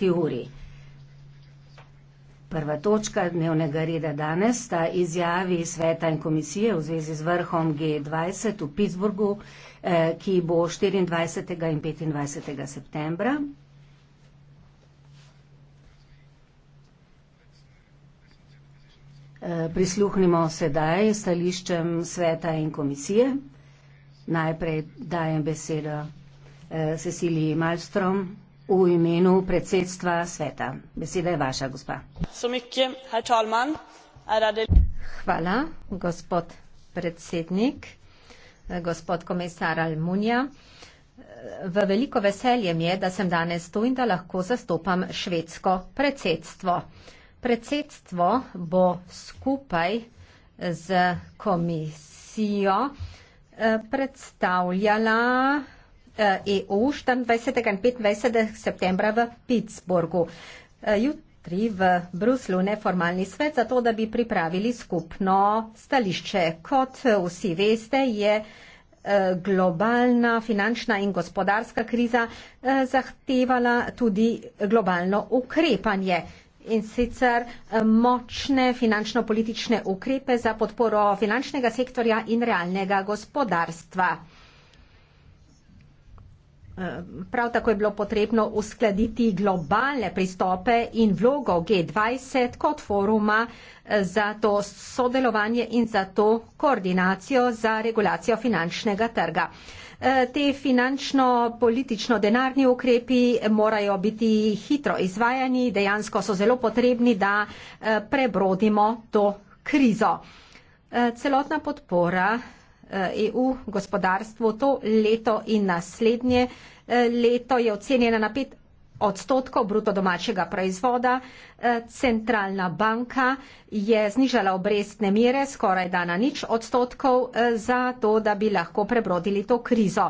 dvanajsti uri. Prva točka dnevnega reda danes sta izjavi sveta in komisije v zvezi z vrhom G20 v Pittsburghu, eh, ki bo 24. in 25. septembra. Eh, prisluhnimo sedaj stališčem sveta in komisije. Najprej dajem besedo eh, Ceciliji Malstrom. V imenu predsedstva sveta. Beseda je vaša, gospa. Er er Hvala, gospod predsednik, gospod komisar Almunija. V veliko veselje mi je, da sem danes tu in da lahko zastopam švedsko predsedstvo. Predsedstvo bo skupaj z komisijo eh, predstavljala EU eh, e 24. in 25. septembra v Pittsburghu. Eh, jutri v Bruslu neformalni svet za to, da bi pripravili skupno stališče. Kot eh, vsi veste, je globalna finančna in gospodarska kriza zahtevala tudi globalno ukrepanje in sicer močne finančno-politične ukrepe za podporo finančnega sektorja in realnega gospodarstva. Eh, prav tako je bilo potrebno uskladiti globalne pristope in vlogo G20 kot foruma eh, za to sodelovanje in za to koordinacijo za regulacijo finančnega trga. Eh, te finančno-politično-denarni ukrepi morajo biti hitro izvajani, dejansko so zelo potrebni, da prebrodimo to krizo. Celotna podpora EU eh, e gospodarstvu to leto in naslednje eh, leto je ocenjena na pet odstotkov bruto domačega proizvoda. Eh, centralna banka je znižala obrestne mere skoraj da na nič odstotkov za to, da bi lahko prebrodili to krizo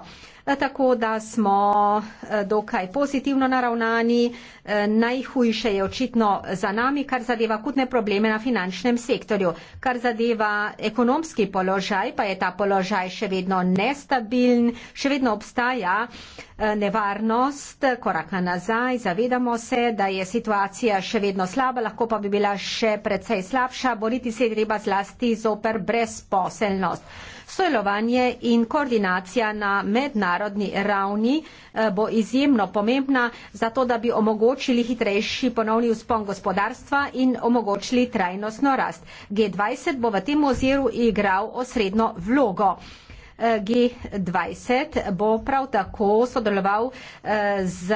tako da smo eh, dokaj pozitivno naravnani. Eh, najhujše je očitno za nami, kar zadeva kutne probleme na finančnem sektorju. Kar zadeva ekonomski položaj, pa je ta položaj še vedno nestabilen, še vedno obstaja eh, nevarnost koraka nazaj. Zavedamo se, da je situacija še vedno slaba, lahko pa bi bila še precej slabša. Boriti se je treba zlasti zoper brezposelnost. Sojelovanje in koordinacija na mednarodni ravni eh, bo izjemno pomembna za to, da bi omogočili hitrejši ponovni uspon gospodarstva in omogočili trajnostno rast. G20 bo v tem oziru igral osrednjo vlogo. G20 bo prav tako sodeloval eh, z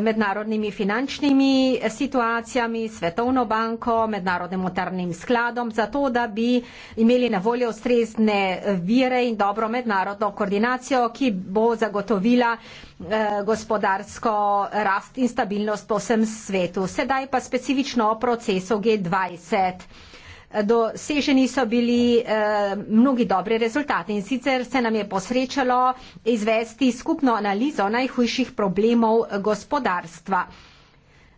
mednarodnimi finančnimi situacijami, Svetovno banko, Mednarodnim monetarnim skladom, zato da bi imeli na voljo ustrezne vire in dobro mednarodno koordinacijo, ki bo zagotovila eh, gospodarsko rast in stabilnost po vsem svetu. Sedaj pa specifično o procesu G20. Doseženi so bili eh, mnogi dobri rezultati in sicer se nam je posrečalo izvesti skupno analizo najhujših problemov gospodarstva.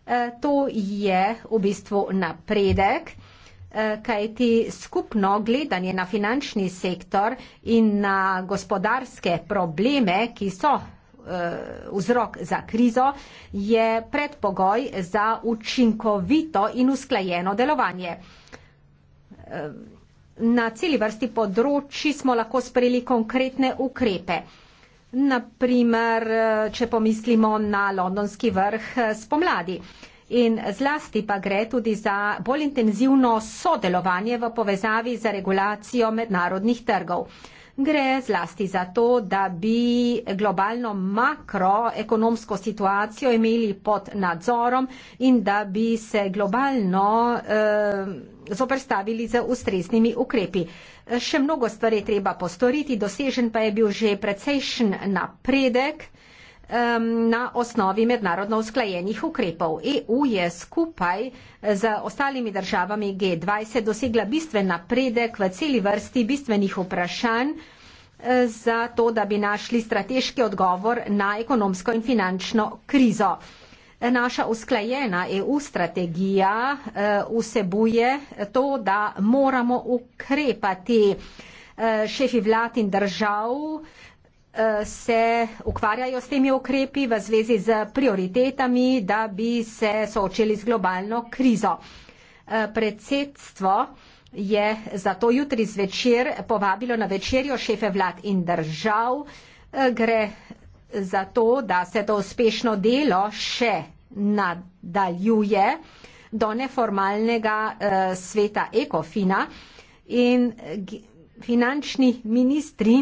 Eh, to je v bistvu napredek, eh, kajti skupno gledanje na finančni sektor in na gospodarske probleme, ki so eh, vzrok za krizo je predpogoj za učinkovito in usklajeno delovanje. Ehm, na celi vrsti področji smo lahko sprejeli konkretne ukrepe. Naprimer, eh, če pomislimo na londonski vrh eh, spomladi. In zlasti pa gre tudi za bolj intenzivno sodelovanje v povezavi z regulacijo mednarodnih trgov. Gre zlasti za to, da bi globalno makroekonomsko situacijo imeli pod nadzorom in da bi se globalno eh, zoprstavili z ustreznimi ukrepi. Še mnogo stvari treba postoriti, dosežen pa je bil že precejšen napredek um, na osnovi mednarodno usklajenih ukrepov. EU je skupaj z ostalimi državami G20 dosegla bistven napredek v celi vrsti bistvenih vprašanj eh, za to, da bi našli strateški odgovor na ekonomsko in finančno krizo. Naša usklajena EU strategija eh, vsebuje to, da moramo ukrepati eh, šefi vlad in držav Eh, se ukvarjajo s temi ukrepi v zvezi z prioritetami, da bi se soočili z globalno krizo. Eh, predsedstvo je zato jutri zvečer povabilo na večerjo šefe vlad in držav. Eh, gre za to, da se to uspešno delo še nadaljuje do neformalnega sveta Ekofina in finančni ministri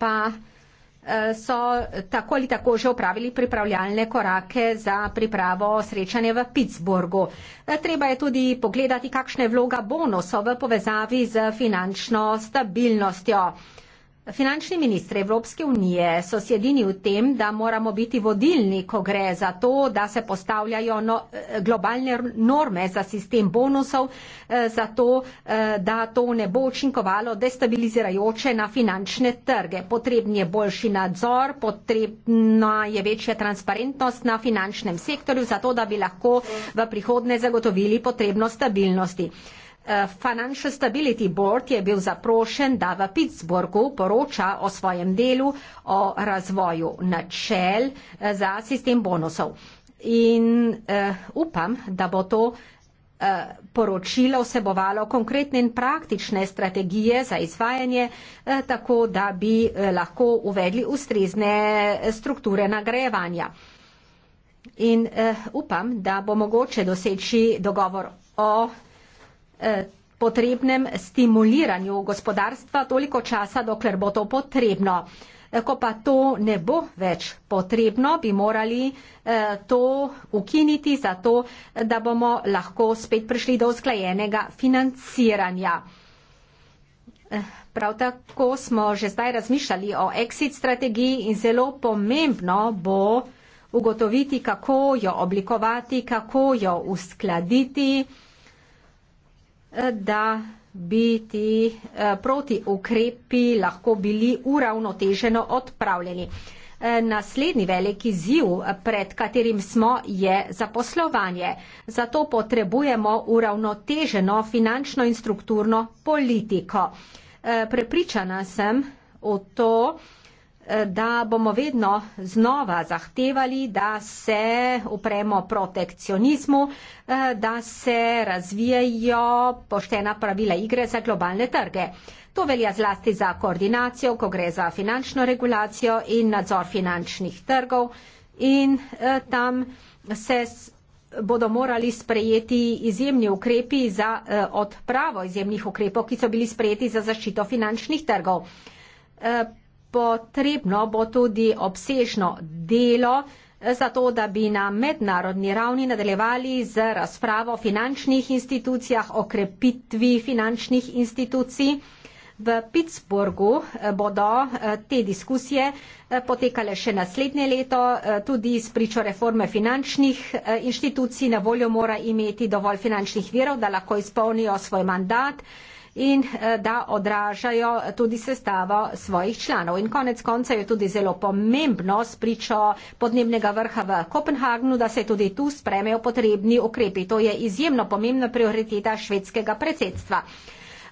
pa eh, so tako ali tako že opravili pripravljalne korake za pripravo srečanja v Pittsburghu. Eh, treba je tudi pogledati, kakšna je vloga bonusov v povezavi z finančno stabilnostjo. Finančni ministri Evropske unije so sjedini v tem, da moramo biti vodilni, ko gre za to, da se postavljajo no, eh, globalne norme za sistem bonusov, eh, za to, eh, da to ne bo učinkovalo destabilizirajoče na finančne trge. Potrebni je boljši nadzor, potrebna je večja transparentnost na finančnem sektorju, zato da bi lahko v prihodne zagotovili potrebno stabilnosti. Eh, Financial Stability Board je bil zaprošen, da v Pittsburghu poroča o svojem delu, o razvoju načel eh, za sistem bonusov. In uh, upam, da bo to poročilo vsebovalo konkretne in praktične strategije za izvajanje, tako da bi lahko uvedli ustrezne strukture nagrajevanja. In upam, da bo mogoče doseči dogovor o Eh, potrebnem stimuliranju gospodarstva toliko časa, dokler bo to potrebno. Eh, ko pa to ne bo več potrebno, bi morali eh, to ukiniti, zato da bomo lahko spet prišli do usklajenega financiranja. Prav tako smo že zdaj razmišljali o exit strategiji in zelo pomembno bo ugotoviti, kako jo oblikovati, kako jo uskladiti da bi ti eh, proti ukrepi lahko bili uravnoteženo odpravljeni. Eh, naslednji veliki ziv, pred katerim smo, je zaposlovanje. Zato potrebujemo uravnoteženo finančno in strukturno politiko. Eh, prepričana sem o to, da bomo vedno znova zahtevali, da se upremo protekcionizmu, eh, da se razvijajo poštena pravila igre za globalne trge. To velja zlasti za koordinacijo, ko gre za finančno regulacijo in nadzor finančnih trgov in eh, tam se bodo morali sprejeti izjemni ukrepi za eh, odpravo izjemnih ukrepov, ki so bili sprejeti za zaščito finančnih trgov potrebno bo tudi obsežno delo, eh, zato da bi na mednarodni ravni nadaljevali z razpravo o finančnih institucijah, o krepitvi finančnih institucij. V Pittsburghu eh, bodo eh, te diskusije potekale še naslednje leto, tudi s pričo reforme finančnih inštitucij. Na voljo mora imeti dovolj finančnih virov, da lahko izpolnijo svoj mandat in eh, da odražajo tudi sestavo svojih članov. In konec konca je tudi zelo pomembno spričo podnebnega vrha v Kopenhagnu, da se tudi tu spremejo potrebni ukrepi. To je izjemno pomembna prioriteta švedskega predsedstva.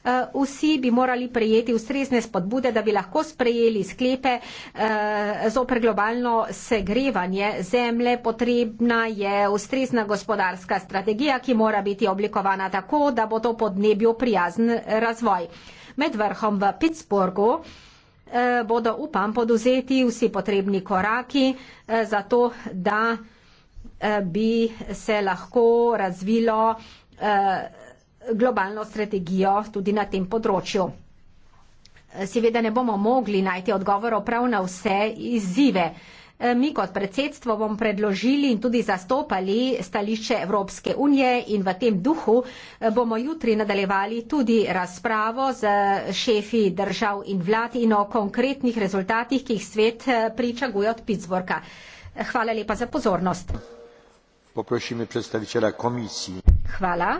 Eh, vsi bi morali prejeti ustrezne spodbude, da bi lahko sprejeli sklepe eh, zoper globalno segrevanje zemlje. Potrebna je ustrezna gospodarska strategija, ki mora biti oblikovana tako, da bo to podnebju prijazen razvoj. Med vrhom v Pittsburghu eh, bodo, upam, poduzeti vsi potrebni koraki za to, da bi se lahko razvilo globalno strategijo tudi na tem področju. Seveda ne bomo mogli najti odgovorov prav na vse izzive. E, mi kot predsedstvo bomo predložili in tudi zastopali stališče Evropske unije in v tem duhu e, bomo jutri nadaljevali tudi razpravo z šefi držav in vlad in o konkretnih rezultatih, ki jih svet e, pričaguje od Pittsburgha. Hvala lepa za pozornost. Poprosim predstaviteľa komisii. Hvala.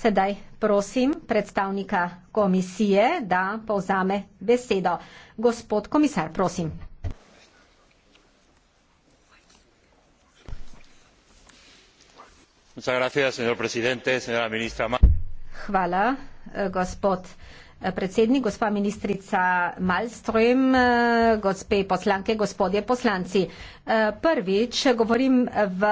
Sedaj prosim predstavnika komisije, da povzame besedo. Gospod komisar, prosim. Hvala, eh, gospod eh, predsednik, gospa ministrica Malmström, eh, gospe poslanke, gospodje poslanci prvič govorim v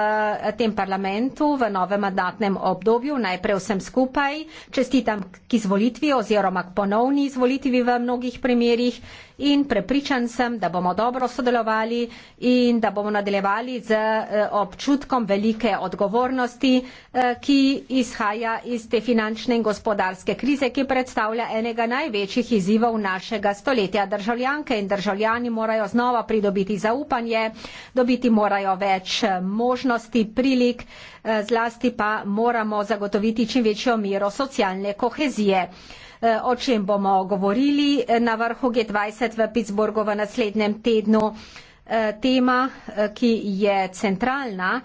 tem parlamentu v novem mandatnem obdobju. Najprej vsem skupaj čestitam k izvolitvi oziroma k ponovni izvolitvi v mnogih primerjih in prepričan sem, da bomo dobro sodelovali in da bomo nadaljevali z eh, občutkom velike odgovornosti, eh, ki izhaja iz te finančne in gospodarske krize, ki predstavlja enega največjih izzivov našega stoletja. Državljanke in državljani morajo znova pridobiti zaupanje dobiti morajo več eh, možnosti, prilik, eh, zlasti pa moramo zagotoviti čim večjo miro socialne kohezije. Eh, o čem bomo govorili na vrhu G20 v Pittsburghu v naslednjem tednu? tema, ki je centralna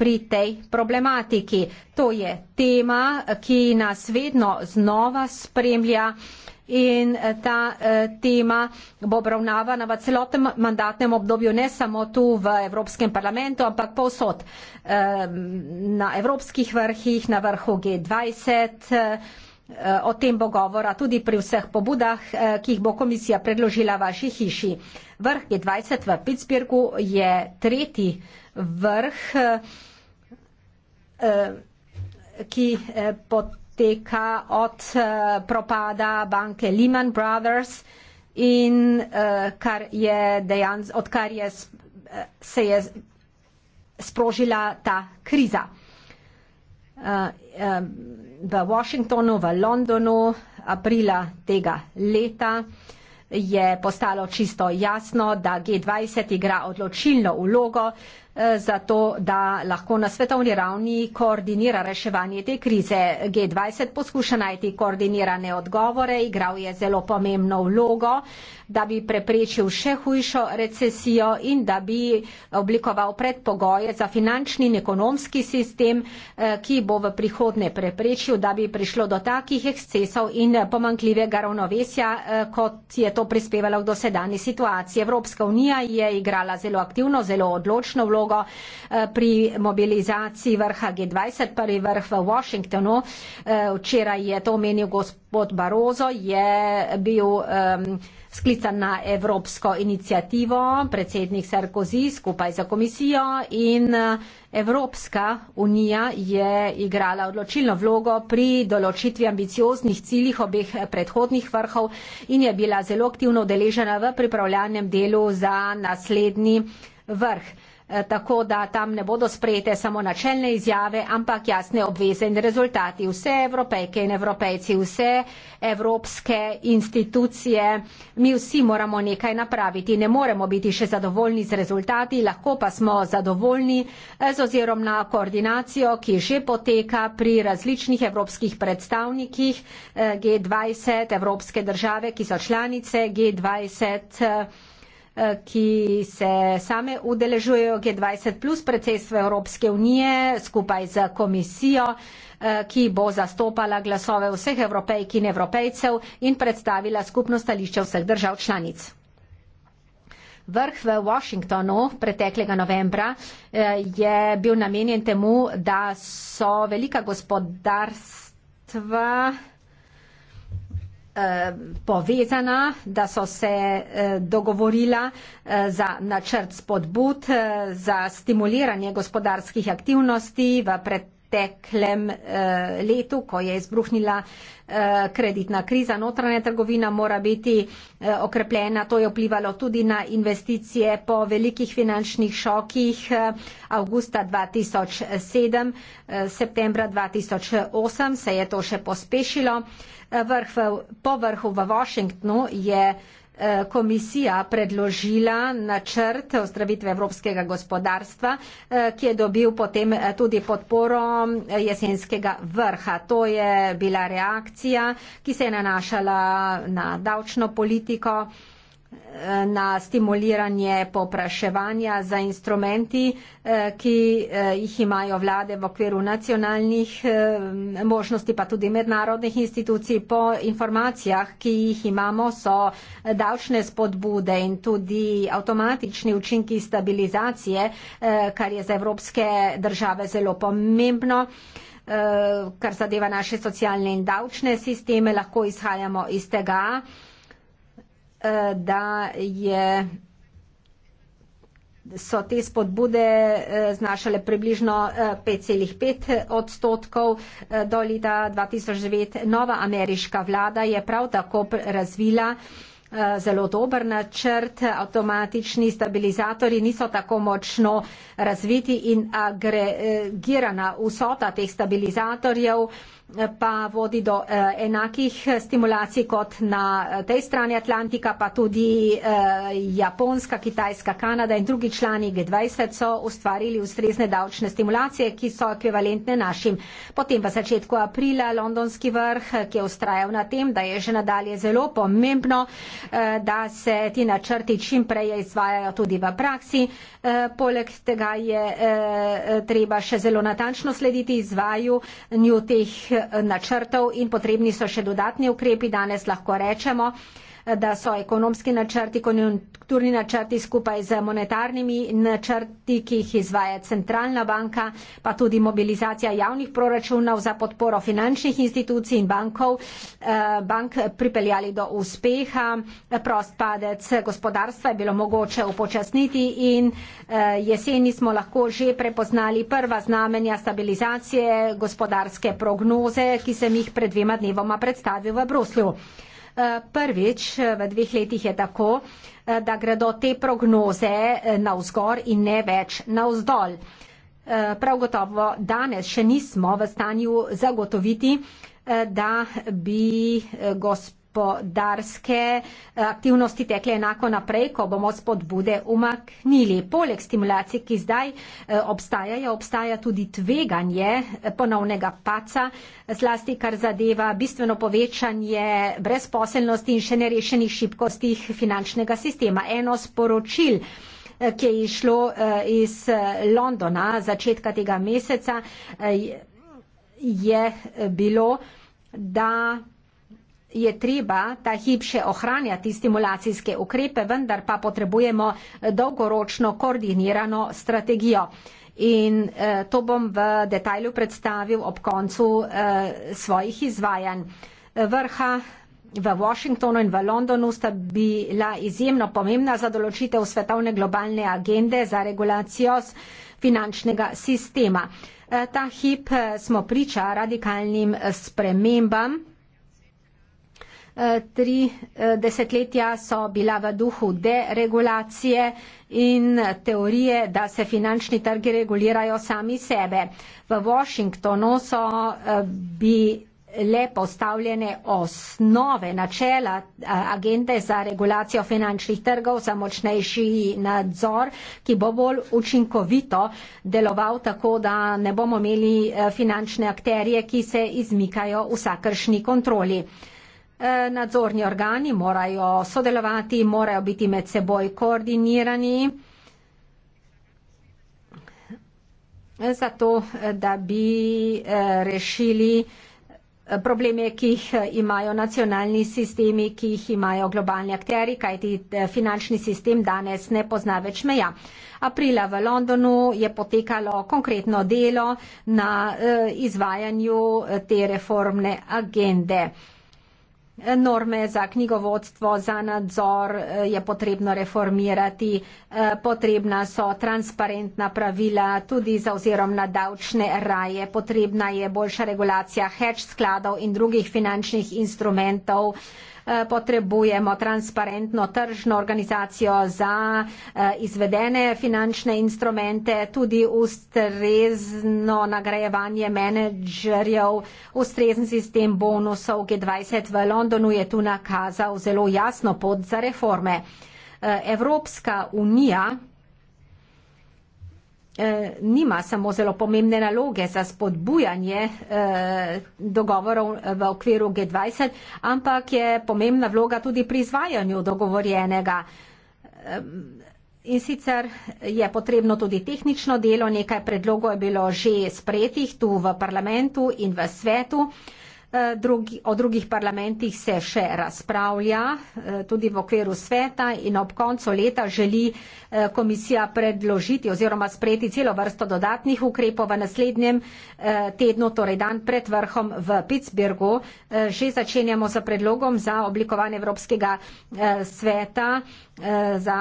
pri tej problematiki. To je tema, ki nas vedno znova spremlja, in eh, ta eh, tema bo obravnavana v celotnem mandatnem obdobju, ne samo tu v Evropskem parlamentu, ampak povsod na evropskih vrhih, na vrhu G20. Eh, o tem bo govora tudi pri vseh pobudah, ki jih bo komisija predložila vaši hiši. Vrh G20 v Pittsburghu je tretji vrh, ki pot, izteka od eh, propada banke Lehman Brothers in eh, kar je dejans, odkar je, eh, se je sprožila ta kriza. V Washingtonu, v Londonu, aprila tega leta je postalo čisto jasno, da G20 igra odločilno vlogo, Eh, zato da lahko na svetovni ravni koordinira reševanje te krize. G20 poskuša najti koordinirane odgovore, igral je zelo pomembno vlogo, uh, da bi preprečil še hujšo recesijo in da bi oblikoval predpogoje za finančni in ekonomski sistem, eh, ki bo v prihodnje preprečil, da bi prišlo do takih ekscesov in pomankljivega ravnovesja, eh, kot je to prispevalo k dosedani situaciji. Evropska unija je igrala zelo aktivno, zelo odločno vlogo eh, pri mobilizaciji vrha G20, prvi vrh v Washingtonu. Včeraj je to omenil gospod Barozo, je bil um, sklican na evropsko inicijativo, predsednik Sarkozy skupaj za komisijo in eh, Evropska unija je igrala odločilno vlogo pri določitvi ambicioznih ciljih obeh predhodnih vrhov in je bila zelo aktivno udeležena v pripravljanjem delu za naslednji vrh. Eh, tako da tam ne bodo sprejete samo načelne izjave, ampak jasne obveze in rezultati. Vse evropejke in evropejci, vse evropske institucije, mi vsi moramo nekaj napraviti. Ne moremo biti še zadovoljni z rezultati, lahko pa smo zadovoljni eh, z ozirom na koordinacijo, ki že poteka pri različnih evropskih predstavnikih eh, G20, evropske države, ki so članice G20. Eh, ki se same udeležujejo G20, plus predsedstvo Evropske unije skupaj z komisijo, eh, ki bo zastopala glasove vseh evropejk in evropejcev in predstavila skupno stališče vseh držav članic. Vrh v Washingtonu preteklega novembra eh, je bil namenjen temu, da so velika gospodarstva Eh, povezana, da so se eh, dogovorila eh, za načrt spodbud, za stimuliranje gospodarskih aktivnosti v preteklosti preteklem eh, letu, ko je izbruhnila eh, kreditna kriza. Notranja trgovina mora biti eh, okrepljena, to je vplivalo tudi na investicije po velikih finančnih šokih avgusta 2007, septembra 2008 se je to še pospešilo. Vrh, po vrhu v Washingtonu je Eh, komisija predložila načrt ozdravitve evropskega gospodarstva, eh, ki je dobil potem eh, tudi podporo jesenskega vrha. To je bila reakcija, ki se je nanašala na davčno politiko na stimuliranje popraševanja za instrumenti, eh, ki eh, jih imajo vlade v okviru nacionalnih eh, možnosti, pa tudi mednarodnih institucij. Po informacijah, ki jih imamo, so davčne spodbude in tudi avtomatični učinki stabilizacije, kar je za evropske države zelo pomembno. Kar zadeva naše socialne in davčne sisteme, lahko izhajamo iz tega da je so te spodbude eh, znašale približno 5,5 eh, odstotkov eh, do leta 2009. Nova ameriška vlada je prav tako razvila zelo dober načrt. Avtomatični stabilizatori niso tako močno razviti in agregirana vsota teh stabilizatorjev pa vodi do eh, enakih stimulacij kot na eh, tej strani Atlantika, pa tudi eh, Japonska, Kitajska, Kanada in drugi člani G20 so ustvarili ustrezne davčne stimulacije, ki so ekvivalentne našim. Potem v začetku aprila londonski vrh, ki je ustrajal na tem, da je že nadalje zelo pomembno, da se ti načrti čim prej izvajajo tudi v praksi. Poleg tega je treba še zelo natančno slediti izvaju njutih načrtov in potrebni so še dodatni ukrepi, danes lahko rečemo, da so ekonomski načrti, konjunkturni načrti skupaj z monetarnimi načrti, ki jih izvaja centralna banka, pa tudi mobilizacija javnih proračunov za podporo finančnih institucij in bankov, eh, bank pripeljali do uspeha. Prost padec gospodarstva je bilo mogoče upočasniti in eh, jeseni smo lahko že prepoznali prva znamenja stabilizacije gospodarske prognoze, ki sem jih pred dvema dnevoma predstavil v Bruslju prvič v dveh letih je tako, da gredo te prognoze navzgor in ne več navzdol. Prav gotovo danes še nismo v stanju zagotoviti, da bi gospod gospodarske eh, aktivnosti tekle enako naprej, ko bomo spodbude umaknili. Poleg stimulacij, ki zdaj eh, obstajajo, obstaja tudi tveganje eh, ponovnega paca, zlasti kar zadeva bistveno povečanje brezposelnosti in še nerešenih šibkosti finančnega sistema. Eno sporočil ki je išlo iz Londona začetka tega meseca, je bilo, da je treba ta hip še ohranjati stimulacijske ukrepe, vendar pa potrebujemo eh, dolgoročno koordinirano strategijo. In eh, to bom v detalju predstavil ob koncu eh, svojih izvajanj. Vrha v Washingtonu in v Londonu sta bila izjemno pomembna za določitev svetovne globalne agende za regulacijo finančnega sistema. Eh, ta hip eh, smo priča radikalnim spremembam tri eh, desetletja so bila v duhu deregulacije in teorije, da se finančni trgi regulirajo sami sebe. V Washingtonu so eh, bi le postavljene osnove načela eh, agende za regulacijo finančnih trgov za močnejši nadzor, ki bo bolj učinkovito deloval tako, da ne bomo imeli finančne akterije, ki se izmikajo vsakršni kontroli. Uh, Eh, nadzorni organi morajo sodelovati, morajo biti med seboj koordinirani, zato eh, da bi eh, rešili probleme, ki jih imajo nacionalni sistemi, ki jih imajo globalni akteri, kajti finančni sistem danes ne pozna več meja. Aprila v Londonu je potekalo konkretno delo na izvajanju te reformne agende norme za knjigovodstvo, za nadzor eh, je potrebno reformirati, eh, potrebna so transparentna pravila tudi za ozirom na davčne raje, potrebna je boljša regulacija hedge skladov in drugih finančnih instrumentov. Eh, potrebujemo transparentno tržno organizacijo za eh, izvedene finančne instrumente, tudi ustrezno nagrajevanje menedžerjev, ustrezen sistem bonusov G20 v Londonu je tu nakazal zelo jasno pot za reforme. Eh, Evropska unija Eh, nima samo zelo pomembne naloge za spodbujanje eh, dogovorov eh, v okviru G20, ampak je pomembna vloga tudi pri izvajanju dogovorjenega. In sicer je potrebno tudi tehnično delo, nekaj predlogov je bilo že sprejetih tu v parlamentu in v svetu. Eh, drugi, o drugih parlamentih se še razpravlja, eh, tudi v okviru sveta in ob koncu leta želi eh, komisija predložiti oziroma sprejeti celo vrsto dodatnih ukrepov v naslednjem tednu, torej dan pred vrhom v Pittsburghu. Že začenjamo s predlogom za oblikovanje Evropskega sveta za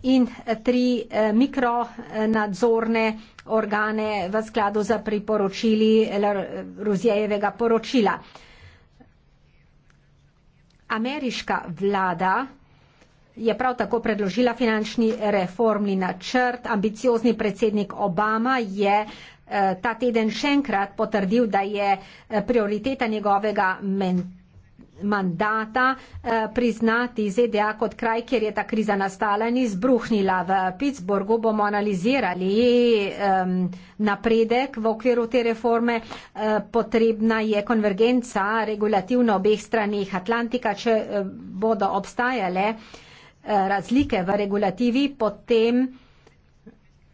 in tri eh, mikronadzorne organe v skladu za priporočili Ruzijevega poročila. Ameriška vlada je prav tako predložila finančni reformni načrt. Ambiciozni predsednik Obama je eh, ta teden še enkrat potrdil, da je eh, prioriteta njegovega mentora mandata eh, priznati ZDA kot kraj, kjer je ta kriza nastala in izbruhnila. V Pittsburghu bomo analizirali napredek v okviru te reforme. Eh, potrebna je konvergenca regulativno obeh stranih Atlantika, če eh, bodo obstajale razlike v regulativi, potem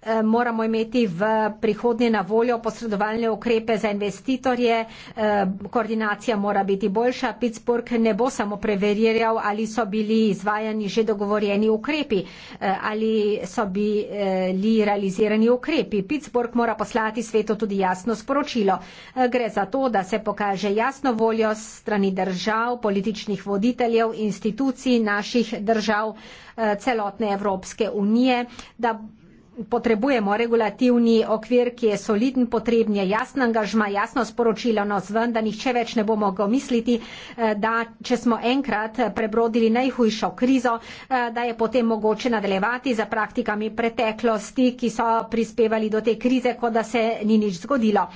Eh, moramo imeti v prihodnje na voljo posredovalne ukrepe za investitorje, eh, koordinacija mora biti boljša, Pittsburgh ne bo samo preverjal, ali so bili izvajani že dogovorjeni ukrepi, eh, ali so bili realizirani ukrepi. Pittsburgh mora poslati svetu tudi jasno sporočilo. Gre za to, da se pokaže jasno voljo strani držav, političnih voditeljev, institucij naših držav celotne Evropske unije, da potrebujemo regulativni okvir, ki je soliden, potreben je jasen angažma, jasno sporočilo nas no, ven, da nihče več ne bo mogel misliti, eh, da če smo enkrat prebrodili najhujšo krizo, eh, da je potem mogoče nadaljevati za praktikami preteklosti, ki so prispevali do te krize, kot da se ni nič zgodilo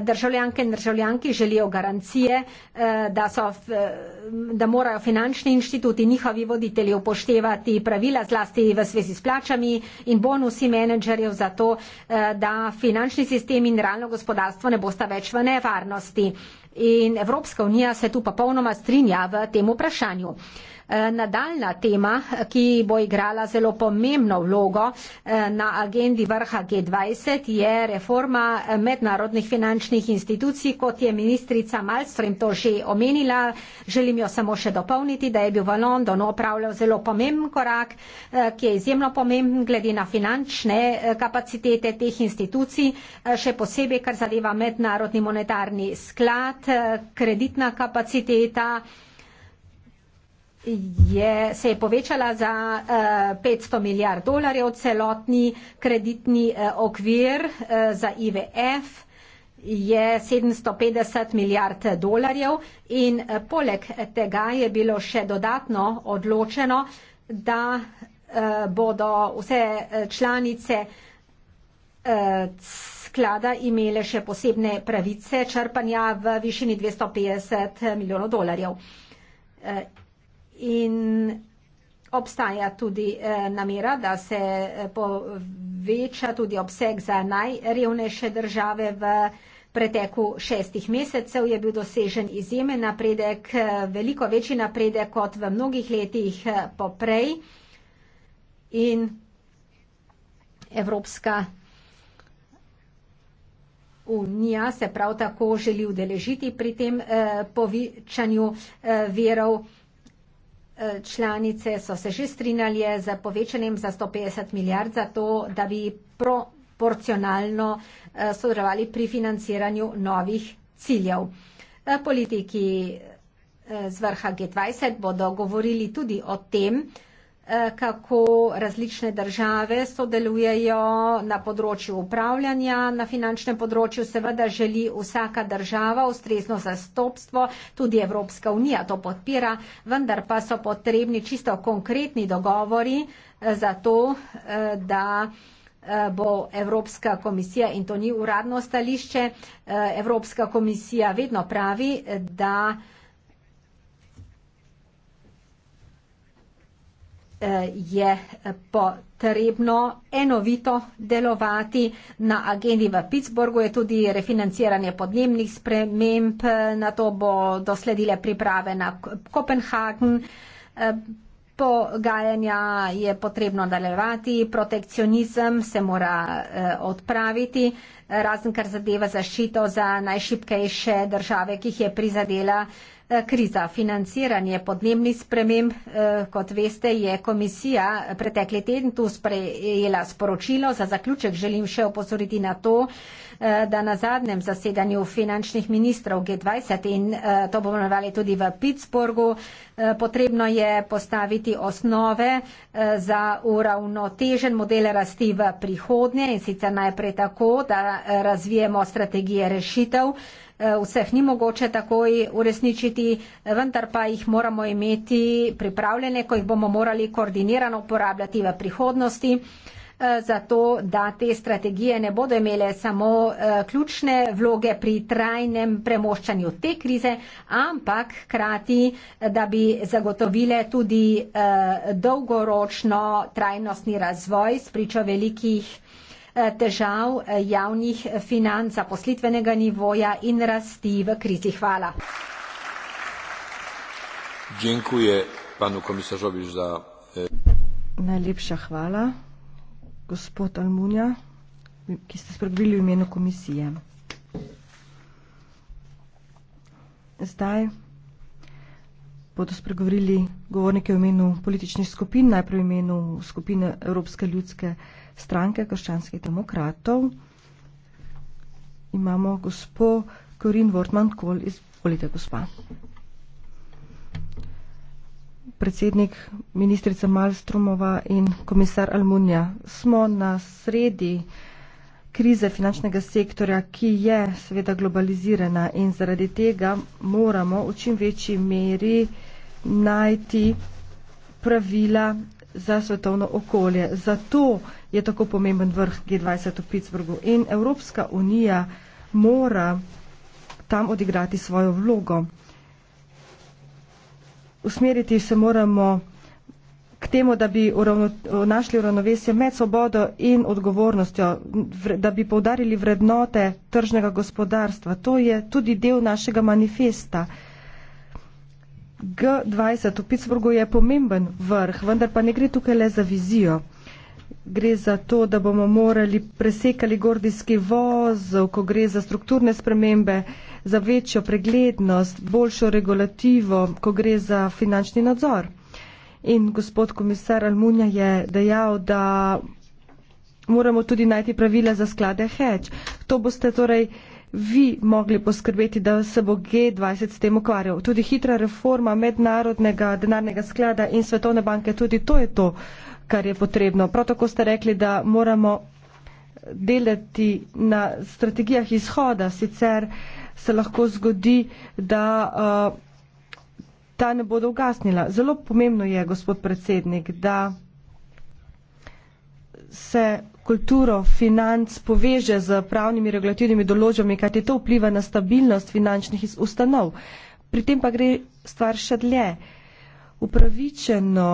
državljanke in državljanki želijo garancije, eh, da, so, eh, da morajo finančni inštituti in njihovi voditelji upoštevati pravila zlasti v svezi s plačami in bonusi menedžerjev za to, eh, da finančni sistem in realno gospodarstvo ne bosta več v nevarnosti. In Evropska unija se tu popolnoma strinja v tem vprašanju. Eh, nadaljna tema, ki bo igrala zelo pomembno vlogo eh, na agendi vrha G20, je reforma eh, mednarodnih finančnih institucij, kot je ministrica Malmström to že omenila. Želim jo samo še dopolniti, da je bil v Londonu opravljal zelo pomemben korak, ki je izjemno pomemben glede na finančne kapacitete teh institucij, še posebej, kar zadeva mednarodni monetarni sklad, kreditna kapaciteta je, se je povečala za uh, eh, 500 milijard dolarjev celotni kreditni uh, okvir uh, za IVF je 750 milijard dolarjev in poleg tega je bilo še dodatno odločeno, da bodo vse članice sklada imele še posebne pravice črpanja v višini 250 milijonov dolarjev in obstaja tudi eh, namera, da se eh, poveča tudi obseg za najrevnejše države v preteku šestih mesecev je bil dosežen izjemen napredek, eh, veliko večji napredek kot v mnogih letih poprej in Evropska unija se prav tako želi udeležiti pri tem povičanju verov. E, članice so se že strinjali z povečanjem za 150 milijard za to, da bi proporcionalno e, sodelovali pri financiranju novih ciljev. E, politiki z vrha G20 bodo govorili tudi o tem, Eh, kako različne države sodelujejo na področju upravljanja. Na finančnem področju seveda želi vsaka država ustrezno zastopstvo, tudi Evropska unija to podpira, vendar pa so potrebni čisto konkretni dogovori eh, za to, eh, da bo Evropska komisija in to ni uradno stališče, Evropska komisija vedno pravi, da je potrebno enovito delovati. Na agendi v Pittsburghu je tudi refinanciranje podnebnih sprememb, na to bo dosledile priprave na Kopenhagen. Eh, pogajanja je potrebno nadaljevati, protekcionizem se mora eh, odpraviti, razen kar zadeva zaščito za najšipkejše države, ki jih je prizadela Eh, kriza financiranje podnebnih sprememb, eh, kot veste, je komisija pretekli teden tu sprejela sporočilo. Za zaključek želim še opozoriti na to, eh, da na zadnjem zasedanju finančnih ministrov G20 in to bomo navali tudi v Pittsburghu, potrebno je postaviti osnove za uravnotežen model rasti v prihodnje in sicer najprej tako, da razvijemo strategije rešitev Eh, vseh ni mogoče takoj uresničiti, vendar pa jih moramo imeti pripravljene, ko jih bomo morali koordinirano uporabljati v prihodnosti, eh, zato da te strategije ne bodo imele samo eh, ključne vloge pri trajnem premoščanju te krize, ampak krati, da bi zagotovile tudi dolgoročno trajnostni razvoj s pričo velikih. Eh, težav eh, javnih eh, financ, zaposlitvenega nivoja in rasti v krizi. Hvala. Za... E, Najlepša hvala, gospod Almunja, ki ste spregovorili v imenu komisije. Zdaj bodo spregovorili govornike v imenu političnih skupin, najprej v imenu skupine Evropske ljudske stranke krščanskih demokratov imamo gospo Corinne Wortmann-Kohl. Izvolite, gospa. Predsednik, ministrica Malstromova in komisar Almunja. Smo na sredi krize finančnega sektorja, ki je seveda globalizirana in zaradi tega moramo v čim večji meri najti pravila za svetovno okolje. Zato je tako pomemben vrh G20 v Pittsburghu in Evropska unija mora tam odigrati svojo vlogo. Usmeriti se moramo k temu, da bi uravno, našli uravnovesje med svobodo in odgovornostjo, da bi poudarili vrednote tržnega gospodarstva. To je tudi del našega manifesta. G20 v Pittsburghu je pomemben vrh, vendar pa ne gre tukaj le za vizijo. Gre za to, da bomo morali presekali gordijski vozov, ko gre za strukturne spremembe, za večjo preglednost, boljšo regulativo, ko gre za finančni nadzor. In gospod komisar Almunja je dejal, da moramo tudi najti pravila za sklade hedge. To boste torej vi mogli poskrbeti, da se bo G20 s tem ukvarjal. Tudi hitra reforma mednarodnega denarnega sklada in svetovne banke, tudi to je to, kar je potrebno. Prav tako ste rekli, da moramo delati na strategijah izhoda, sicer se lahko zgodi, da uh, ta ne bodo ugasnila. Zelo pomembno je, gospod predsednik, da se kulturo financ poveže z pravnimi regulativnimi določbami, kajti to vpliva na stabilnost finančnih ustanov. Pri tem pa gre stvar še dlje. Upravičeno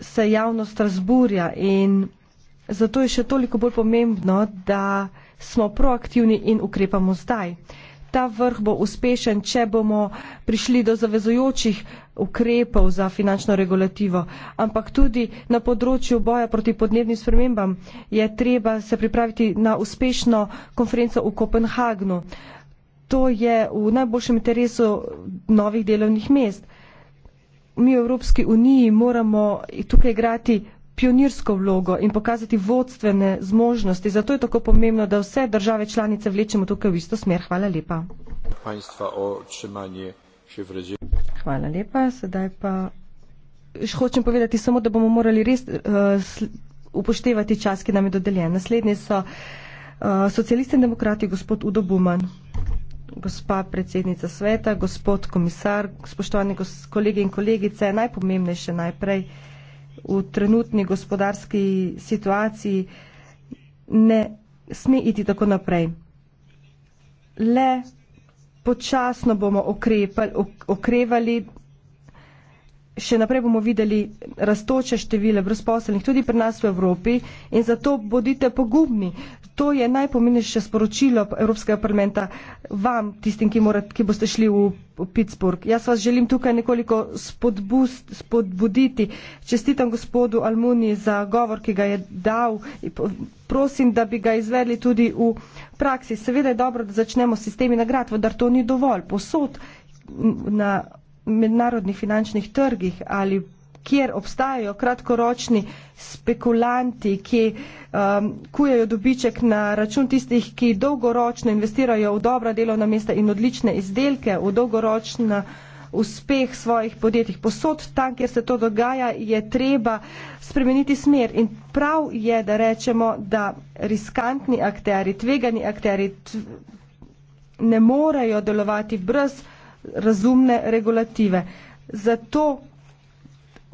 se javnost razburja in zato je še toliko bolj pomembno, da smo proaktivni in ukrepamo zdaj ta vrh bo uspešen, če bomo prišli do zavezujočih ukrepov za finančno regulativo. Ampak tudi na področju boja proti podnebnim spremembam je treba se pripraviti na uspešno konferenco v Kopenhagnu. To je v najboljšem interesu novih delovnih mest. Mi v Evropski uniji moramo tukaj igrati pionirsko vlogo in pokazati vodstvene zmožnosti. Zato je tako pomembno, da vse države članice vlečemo tukaj v isto smer. Hvala lepa. Hvala lepa. Sedaj pa hočem povedati samo, da bomo morali res uh, upoštevati čas, ki nam je dodeljen. Naslednji so uh, socialisti in demokrati, gospod Udo Buman, gospa predsednica sveta, gospod komisar, spoštovani kolegi in kolegice, najpomembnejše najprej. Uh, v trenutni gospodarski situaciji ne sme iti tako naprej. Le počasno bomo okrepali, okrevali, še naprej bomo videli rastoče števile brezposelnih tudi pri nas v Evropi in zato bodite pogumni, To je najpomembnejše sporočilo Evropskega parlamenta vam, tistim, ki, morat, ki boste šli v Pittsburgh. Jaz vas želim tukaj nekoliko spodbust, spodbuditi. Čestitam gospodu Almuni za govor, ki ga je dal. Prosim, da bi ga izvedli tudi v praksi. Seveda je dobro, da začnemo s sistemi nagrad, vendar to ni dovolj. Posod na mednarodnih finančnih trgih ali kjer obstajajo kratkoročni spekulanti, ki um, kujejo dobiček na račun tistih, ki dolgoročno investirajo v dobra delovna mesta in odlične izdelke, v dolgoročna uspeh svojih podjetij. Posod tam, kjer se to dogaja, je treba spremeniti smer. In prav je, da rečemo, da riskantni akteri, tvegani akteri ne morejo delovati brez razumne regulative. Zato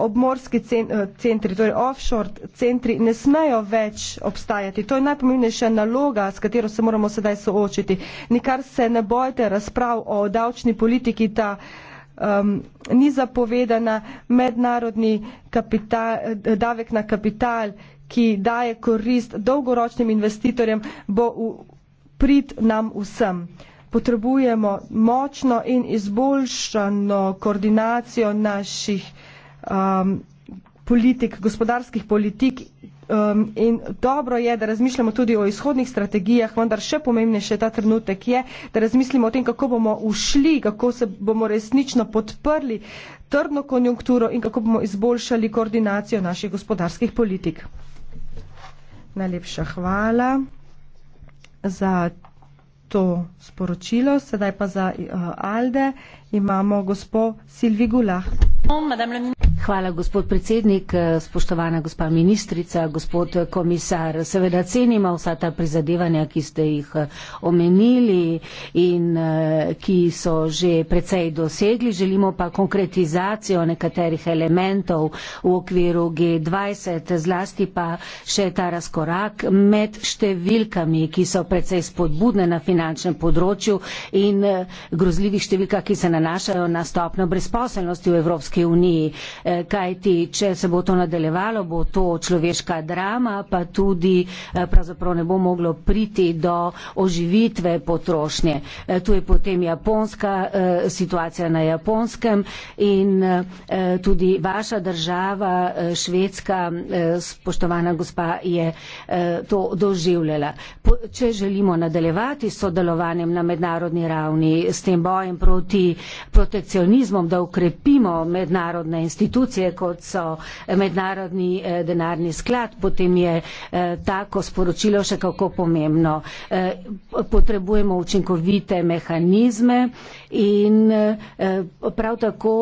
obmorski eh, centri, torej offshore centri, ne smejo več obstajati. To je najpomembnejša naloga, s katero se moramo sedaj soočiti. Nikar se ne bojte razprav o davčni politiki, ta um, ni zapovedana mednarodni kapital, eh, davek na kapital, ki daje korist dolgoročnim investitorjem, bo v prid nam vsem. Potrebujemo močno in izboljšano koordinacijo naših um, politik, gospodarskih politik. Um, in dobro je, da razmišljamo tudi o izhodnih strategijah, vendar še pomembnejše ta trenutek je, da razmislimo o tem, kako bomo ušli, kako se bomo resnično podprli trdno konjunkturo in kako bomo izboljšali koordinacijo naših gospodarskih politik. Najlepša hvala za to sporočilo. Sedaj pa za uh, Alde imamo gospod Silvi Gulah. Oh, Hvala, gospod predsednik, spoštovana gospa ministrica, gospod komisar. Seveda cenimo vsa ta prizadevanja, ki ste jih eh, omenili in eh, ki so že precej dosegli. Želimo pa konkretizacijo nekaterih elementov v okviru G20, zlasti pa še ta razkorak med številkami, ki so precej spodbudne na finančnem področju in eh, grozljivih številka, ki se nanašajo na stopno brezposelnosti v Evropski uniji. Eh, kajti če se bo to nadaljevalo, bo to človeška drama, pa tudi eh, pravzaprav ne bo moglo priti do oživitve potrošnje. Eh, tu je potem japonska situacija na japonskem in tudi vaša država, švedska, spoštovana gospa, je to doživljala. Če želimo nadaljevati s sodelovanjem na mednarodni ravni, s tem bojem proti protekcionizmom, da ukrepimo mednarodne institucije, institucije, kot so mednarodni eh, denarni sklad, potem je eh, tako sporočilo še kako pomembno. Eh, potrebujemo učinkovite mehanizme in prav tako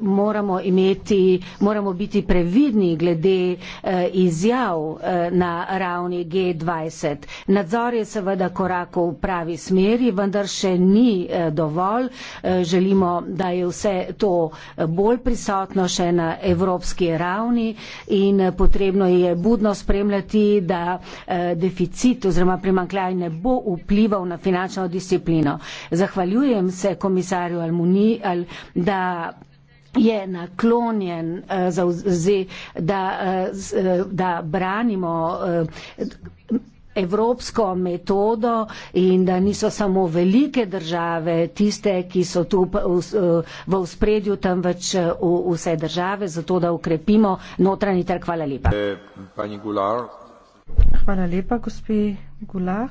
moramo, imeti, moramo biti previdni glede izjav na ravni G20. Nadzor je seveda korak v pravi smeri, vendar še ni dovolj. Želimo, da je vse to bolj prisotno še na na evropski ravni in eh, potrebno je budno spremljati, da eh, deficit oziroma primankljaj ne bo vplival na finančno disciplino. Zahvaljujem se komisarju Almuni, da je naklonjen, eh, da, da branimo evropsko metodo in da niso samo velike države tiste, ki so tu v spredju, temveč vse države, zato da ukrepimo notranji trg. Hvala lepa. Eh, Hvala lepa, gospi Gulah.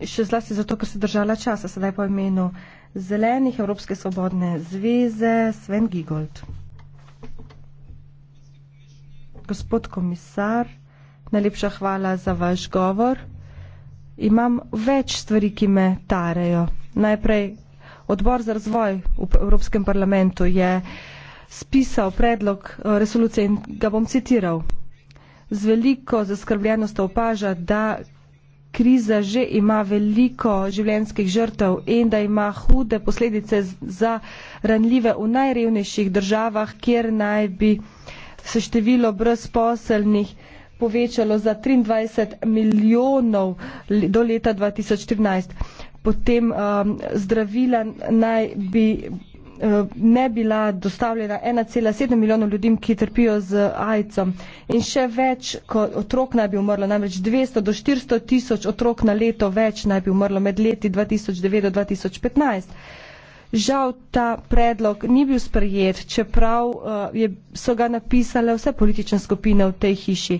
Še zlasti zato, ker se držala časa, sedaj po imenu Zelenih Evropske svobodne zveze Sven Gigold. Gospod komisar. Najlepša hvala za vaš govor. Imam več stvari, ki me tarejo. Najprej odbor za razvoj v Evropskem parlamentu je spisal predlog eh, resolucije in ga bom citiral. Z veliko zaskrbljenost opaža, da kriza že ima veliko življenjskih žrtev in da ima hude posledice za ranljive v najrevnejših državah, kjer naj bi se število brezposelnih povečalo za 23 milijonov do leta 2014. Potem um, zdravila naj bi uh, ne bila dostavljena 1,7 milijonov ljudim, ki trpijo z AIDS-om. In še več, kot otrok naj bi umrlo, namreč 200 do 400 tisoč otrok na leto več naj bi umrlo med leti 2009 do 2015. Žal ta predlog ni bil sprejet, čeprav uh, je, so ga napisale vse politične skupine v tej hiši.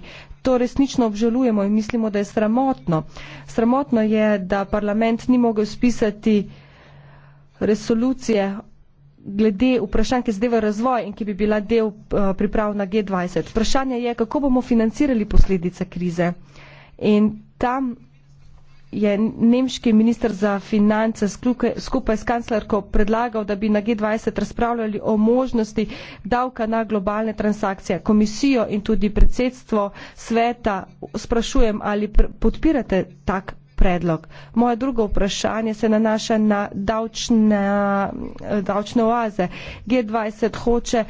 To resnično obžalujemo in mislimo, da je sramotno. Sramotno je, da parlament ni mogel spisati resolucije glede vprašanj, ki zdaj v razvoj in ki bi bila del uh, priprav na G20. Vprašanje je, kako bomo financirali posledice krize. In tam je nemški minister za finance skupaj s kanclerko predlagal, da bi na G20 razpravljali o možnosti davka na globalne transakcije. Komisijo in tudi predsedstvo sveta sprašujem, ali podpirate tak predlog. Moje drugo vprašanje se nanaša na davčne, eh, davčne oaze. G20 hoče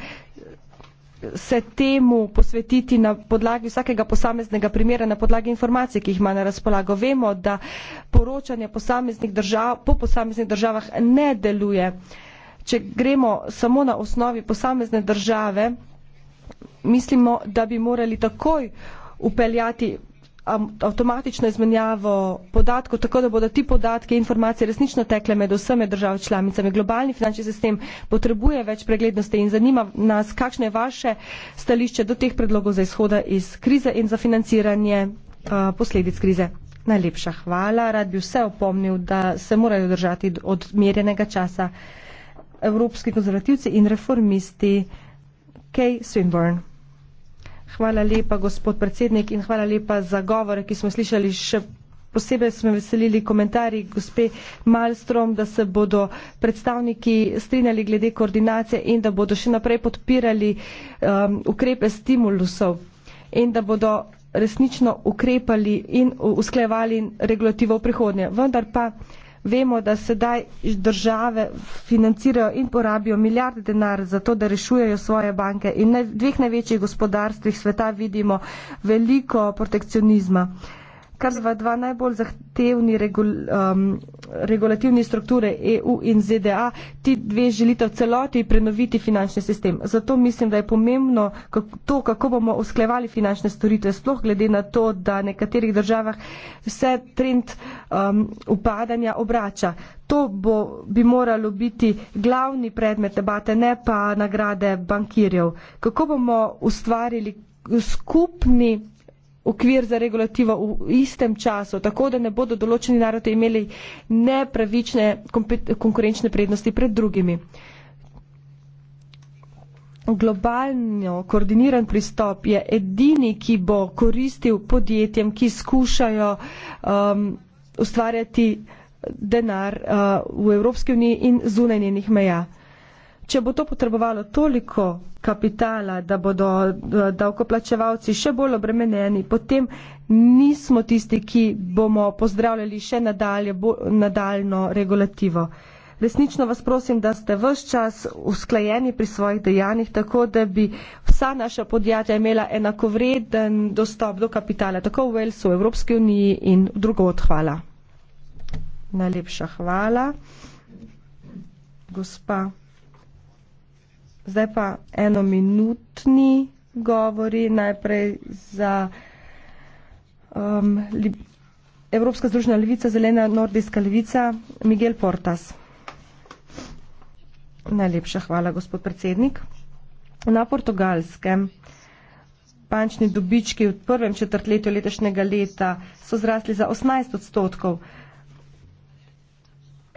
se temu posvetiti na podlagi vsakega posameznega primera, na podlagi informacij, ki jih ima na razpolago. Vemo, da poročanje posameznih držav, po posameznih državah ne deluje. Če gremo samo na osnovi posamezne države, mislimo, da bi morali takoj upeljati avtomatično izmenjavo podatkov, tako da bodo ti podatki, informacije resnično tekle med vsemi državami članicami. Globalni finančni sistem potrebuje več preglednosti in zanima nas, kakšno je vaše stališče do teh predlogov za izhoda iz krize in za financiranje uh, posledic krize. Najlepša hvala. Rad bi vse opomnil, da se morajo držati od merjenega časa evropski konzervativci in reformisti Kay Swinburne. Hvala lepa, gospod predsednik, in hvala lepa za govore, ki smo slišali. Še posebej smo veselili komentarji gospe Malstrom, da se bodo predstavniki strinjali glede koordinacije in da bodo še naprej podpirali um, ukrepe stimulusov in da bodo resnično ukrepali in usklejevali regulativo v prihodnje. Vendar pa uh, Vemo, da sedaj države financirajo in porabijo milijarde denar za to, da rešujejo svoje banke in na dveh največjih gospodarstvih sveta vidimo veliko protekcionizma kar zva dva najbolj zahtevni regul, um, regulativni strukture EU in ZDA, ti dve želite v celoti prenoviti finančni sistem. Zato mislim, da je pomembno to, kako bomo usklevali finančne storitve, sploh glede na to, da v nekaterih državah vse trend um, upadanja obrača. To bo, bi moralo biti glavni predmet debate, ne pa nagrade bankirjev. Kako bomo ustvarili skupni okvir za regulativo v istem času, tako da ne bodo določeni narodi imeli nepravične konkurenčne prednosti pred drugimi. Globalno koordiniran pristop je edini, ki bo koristil podjetjem, ki skušajo um, ustvarjati denar uh, v Evropski uniji in zunaj njenih meja. Če bo to potrebovalo toliko kapitala, da bodo eh, davkoplačevalci še bolj obremenjeni, potem nismo tisti, ki bomo pozdravljali še nadalje, bo, nadaljno regulativo. Resnično vas prosim, da ste vse čas usklajeni pri svojih dejanjih, tako da bi vsa naša podjetja imela enakovreden dostop do kapitala, tako v Walesu, v Evropski uniji in drugot. Hvala. Najlepša hvala. Gospa. Zdaj pa eno minutni govori najprej za um, Evropska združena levica, zelena nordijska levica, Miguel Portas. Najlepša hvala, gospod predsednik. Na portugalskem bančni dobički v prvem četrtletju letošnjega leta so zrasli za 18 odstotkov.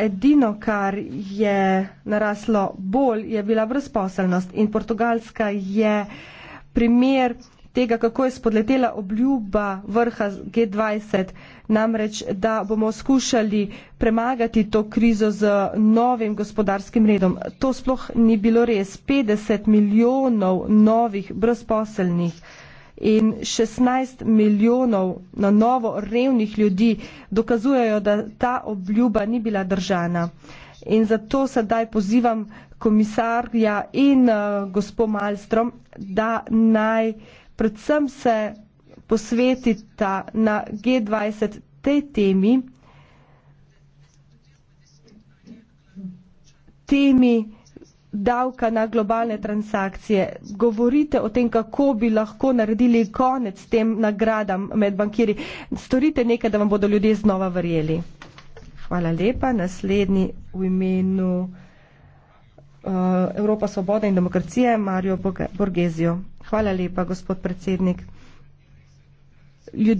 Edino, kar je naraslo bolj, je bila brezposelnost in Portugalska je primer tega, kako je spodletela obljuba vrha G20, namreč, da bomo skušali premagati to krizo z novim gospodarskim redom. To sploh ni bilo res. 50 milijonov novih brezposelnih uh, in 16 milijonov na novo revnih ljudi dokazujejo, da ta obljuba ni bila držana. In zato sedaj pozivam komisarja in uh, eh, gospod Malstrom, da naj predvsem se posvetita na G20 tej temi, temi, davka na globalne transakcije. Govorite o tem, kako bi lahko naredili konec tem nagradam med bankiri. Storite nekaj, da vam bodo ljudje znova verjeli. Hvala lepa. Naslednji v imenu uh, Evropa Svoboda in demokracije, Mario Borgezio. Hvala lepa, gospod predsednik. Ljud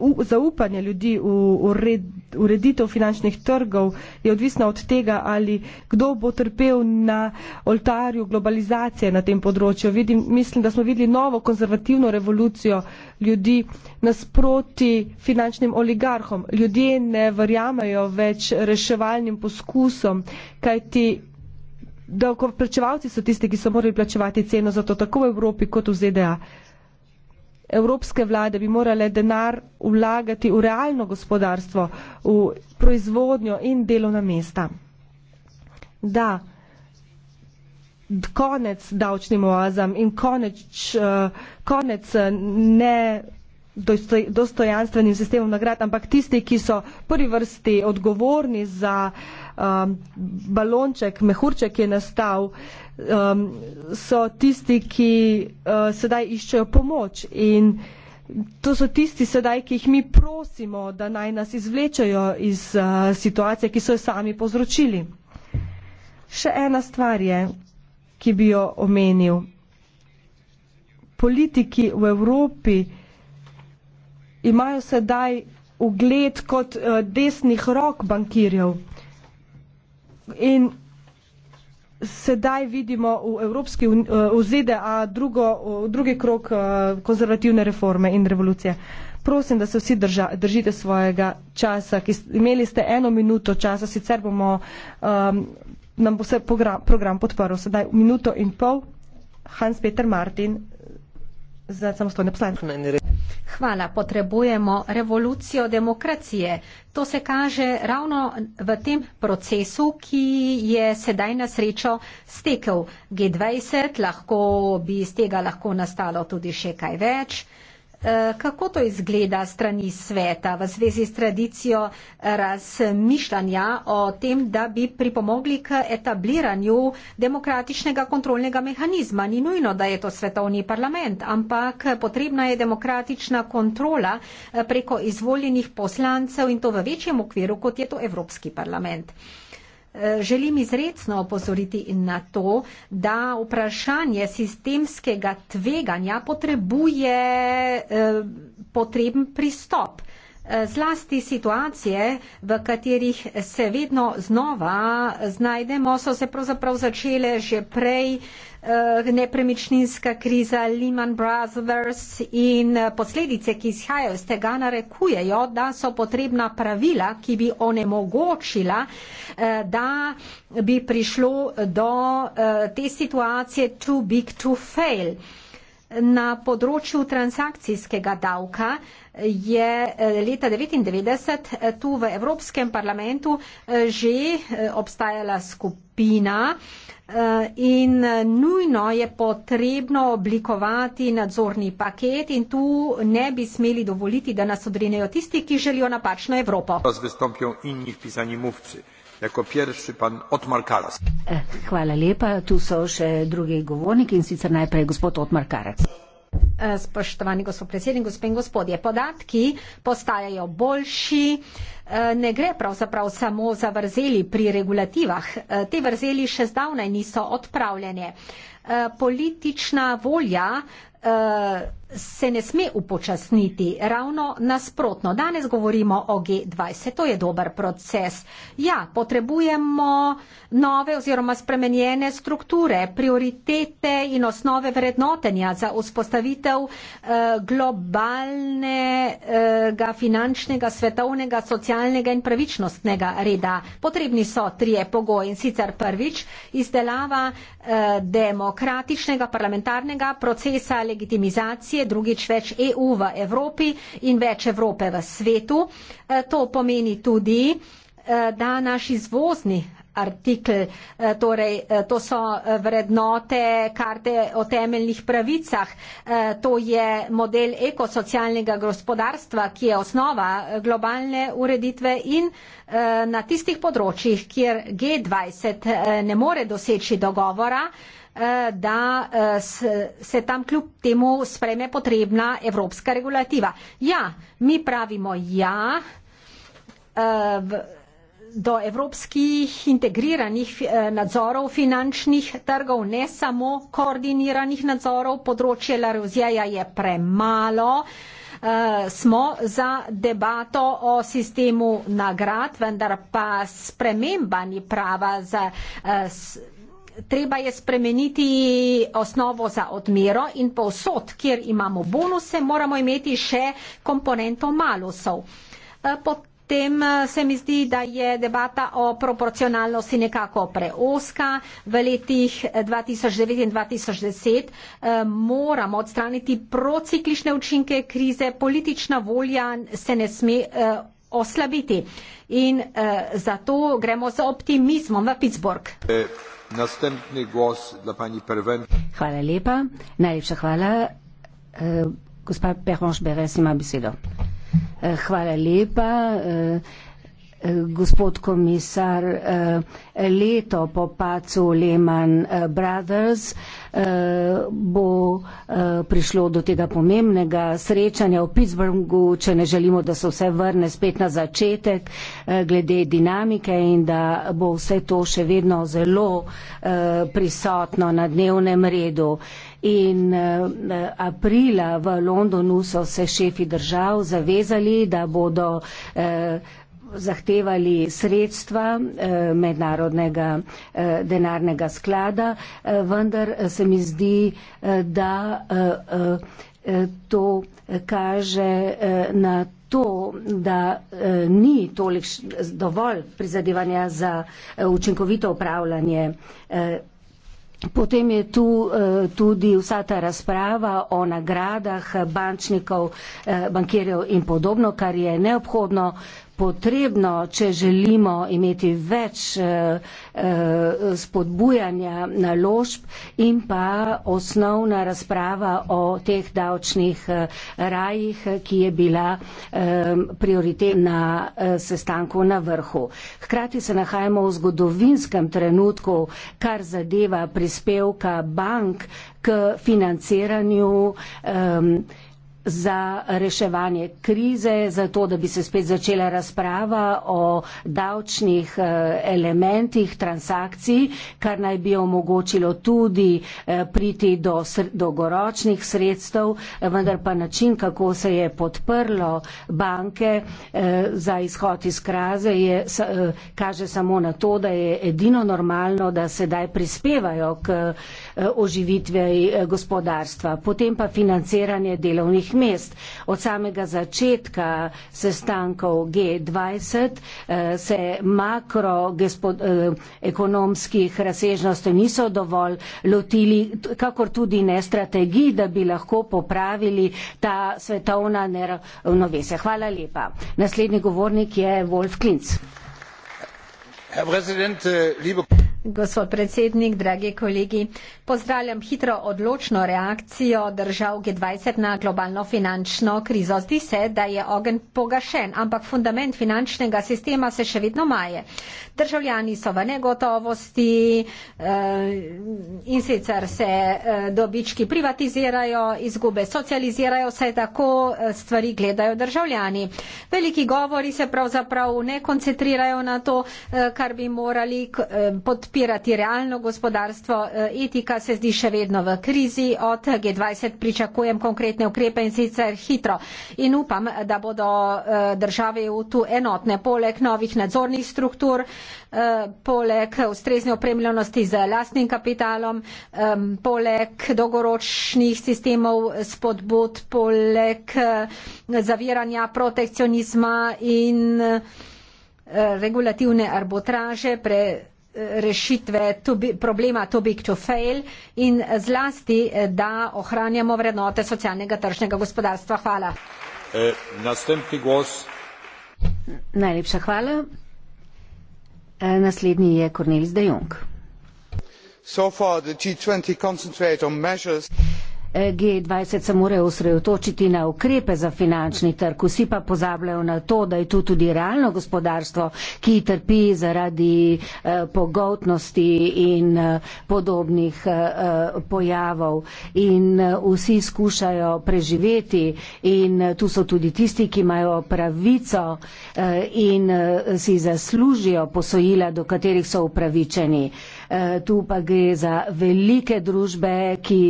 zaupanje ljudi v ureditev finančnih trgov je odvisno od tega, ali kdo bo trpel na oltarju globalizacije na tem področju. Vidim, mislim, da smo videli novo konzervativno revolucijo ljudi nasproti finančnim oligarhom. Ljudje ne verjamejo več reševalnim poskusom, kajti davkoplačevalci so tisti, ki so morali plačevati ceno za to tako v Evropi kot v ZDA evropske vlade bi morale denar vlagati v realno gospodarstvo, v proizvodnjo in delovna mesta. Da, konec davčnim oazam in konec, eh, konec eh, ne dostojanstvenim sistemom nagrad, ampak tisti, ki so prvi vrsti odgovorni za um, balonček, mehurček, ki je nastal uh, um, so tisti, ki uh, sedaj iščejo pomoč in to so tisti sedaj, ki jih mi prosimo, da naj nas izvlečajo iz uh, situacije, ki so jo sami povzročili. Še ena stvar je, ki bi jo omenil. Politiki v Evropi imajo sedaj ugled kot uh, desnih rok bankirjev. In sedaj vidimo v Evropski eh, v ZDA drugo, v eh, drugi krok eh, konzervativne reforme in revolucije. Prosim, da se vsi drža, držite svojega časa. Imeli ste eno minuto časa, sicer bomo, um, nam bo se program, program podporil. Sedaj minuto in pol. Hans Peter Martin za samostojne poslanke. Hvala, potrebujemo revolucijo demokracije. To se kaže ravno v tem procesu, ki je sedaj na srečo stekel G20, lahko bi iz tega lahko nastalo tudi še kaj več. Eh, kako to izgleda strani sveta v zvezi s tradicijo razmišljanja o tem, da bi pripomogli k etabliranju demokratičnega kontrolnega mehanizma. Ni nujno, da je to svetovni parlament, ampak potrebna je demokratična kontrola eh, preko izvoljenih poslancev in to v večjem okviru, kot je to Evropski parlament. Želim izredno opozoriti na to, da vprašanje sistemskega tveganja potrebuje eh, potreben pristop. Eh, zlasti situacije, v katerih se vedno znova znajdemo, so se pravzaprav začele že prej eh, uh, nepremičninska kriza, Lehman Brothers in eh, posledice, ki izhajajo iz tega, narekujejo, da so potrebna pravila, ki bi onemogočila, uh, da bi prišlo do uh, te situacije too big to fail. Uh, Na področju transakcijskega davka je eh, leta 1999 eh, tu v Evropskem parlamentu eh, že obstajala skupina in nujno je potrebno oblikovati nadzorni paket in tu ne bi smeli dovoliti, da nas odrinejo tisti, ki želijo napačno Evropo. Eh, hvala lepa. Tu so še drugi govorniki in sicer najprej gospod Otmar Karec. Eh, spoštovani gospod predsednik, gospe in gospodje, podatki postajajo boljši. Eh, ne gre pravzaprav samo za vrzeli pri regulativah. Te vrzeli še zdavnaj niso odpravljene. Politična volja se ne sme upočasniti, ravno nasprotno. Danes govorimo o G20, to je dober proces. Ja, potrebujemo nove oziroma spremenjene strukture, prioritete in osnove vrednotenja za vzpostavitev eh, globalnega eh, finančnega, svetovnega, socialnega in pravičnostnega reda. Potrebni so trije pogoji in sicer prvič izdelava eh, demokratičnega parlamentarnega procesa legitimizacije demokracije, drugič več EU v Evropi in več Evrope v svetu. E, to pomeni tudi, e, da naš izvozni artikl, e, torej to so vrednote, karte o temeljnih pravicah, to je model ekosocialnega gospodarstva, ki je osnova globalne ureditve in na tistih področjih, kjer G20 ne more doseči dogovora, Eh, da eh, se tam kljub temu spreme potrebna evropska regulativa. Ja, mi pravimo ja eh, do evropskih integriranih nadzorov finančnih trgov, ne samo koordiniranih nadzorov, področje Larozija je premalo. Smo za debato o sistemu nagrad, vendar pa sprememba ni prava za treba je spremeniti osnovo za odmero in povsod, kjer imamo bonuse, moramo imeti še komponento malusov. E, potem e, se mi zdi, da je debata o proporcionalnosti nekako preoska. V letih 2009 e, in 2010 moramo odstraniti prociklične učinke krize, politična volja se ne sme oslabiti. In eh, zato gremo z optimizmom v Pittsburgh. E Naslednji gos, da pani Perven. Hvala lepa, najlepša hvala. Uh, gospa Perhonš Beres ima besedo. Uh, hvala lepa. Uh, gospod komisar, eh, leto po pacu Lehman eh, Brothers eh, bo prišlo do tega pomembnega srečanja v Pittsburghu, če ne želimo, da se vse vrne spet na začetek glede dinamike in da bo vse to še vedno zelo prisotno na dnevnem redu. In aprila v Londonu so se šefi držav zavezali, da bodo zahtevali sredstva eh, mednarodnega eh, denarnega sklada, eh, vendar se mi zdi, da to kaže na to, da ni toliko dovolj prizadevanja za učinkovito upravljanje. Potem je tu tudi vsa ta razprava o nagradah bančnikov, bankirjev in podobno, kar je neobhodno potrebno, če želimo imeti več eh, eh, spodbujanja naložb in pa osnovna razprava o teh davčnih eh, rajih, ki je bila prioritet na sestanku na vrhu. Hkrati se nahajamo v zgodovinskem trenutku, kar zadeva prispevka bank k financiranju um, za reševanje krize, za to, da bi se spet začela razprava o davčnih eh, elementih transakcij, kar naj bi omogočilo tudi eh, priti do dolgoročnih sredstev, eh, vendar pa način, kako se je podprlo banke za izhod iz kraze, je, kaže samo na to, da je edino normalno, da sedaj prispevajo k oživitvi gospodarstva. Potem pa financiranje delovnih mest. Od samega začetka sestankov G20 eh, se makroekonomskih eh, razsežnosti niso dovolj lotili, kakor tudi ne strategij, da bi lahko popravili ta svetovna neravnovesja. Hvala lepa. Naslednji govornik je Wolf Klinc. Herr Präsident, äh, liebe Kollegen! gospod predsednik, dragi kolegi. Pozdravljam hitro odločno reakcijo držav G20 na globalno finančno krizo. Zdi se, da je ogen pogašen, ampak fundament finančnega sistema se še vedno maje. Državljani so v negotovosti eh, in sicer se eh, dobički privatizirajo, izgube socializirajo, vse tako eh, stvari gledajo državljani. Veliki govori se pravzaprav ne koncentrirajo na to, kar bi morali podpirati podpirati realno gospodarstvo. Eh, etika se zdi še vedno v krizi. Od G20 pričakujem konkretne ukrepe in sicer hitro. In upam, da bodo eh, države EU tu enotne. Poleg novih nadzornih struktur, eh, poleg ustrezne opremljenosti z lastnim kapitalom, poleg dolgoročnih sistemov spodbud, poleg zaviranja protekcionizma in regulativne arbitraže rešitve to be, problema too big to fail in zlasti, eh, da ohranjamo vrednote socialnega tržnega gospodarstva. Hvala. E, Najlepša hvala. E, naslednji je Kornelis de Jong. So far the G20 concentrate on measures. G20 se more osredotočiti na ukrepe za finančni trg, vsi pa pozabljajo na to, da je tu tudi realno gospodarstvo, ki trpi zaradi eh, pogotnosti in eh, podobnih eh, pojavov. In vsi skušajo preživeti in tu so tudi tisti, ki imajo pravico in si zaslužijo posojila, do katerih so upravičeni. Eh, tu pa gre za velike družbe, ki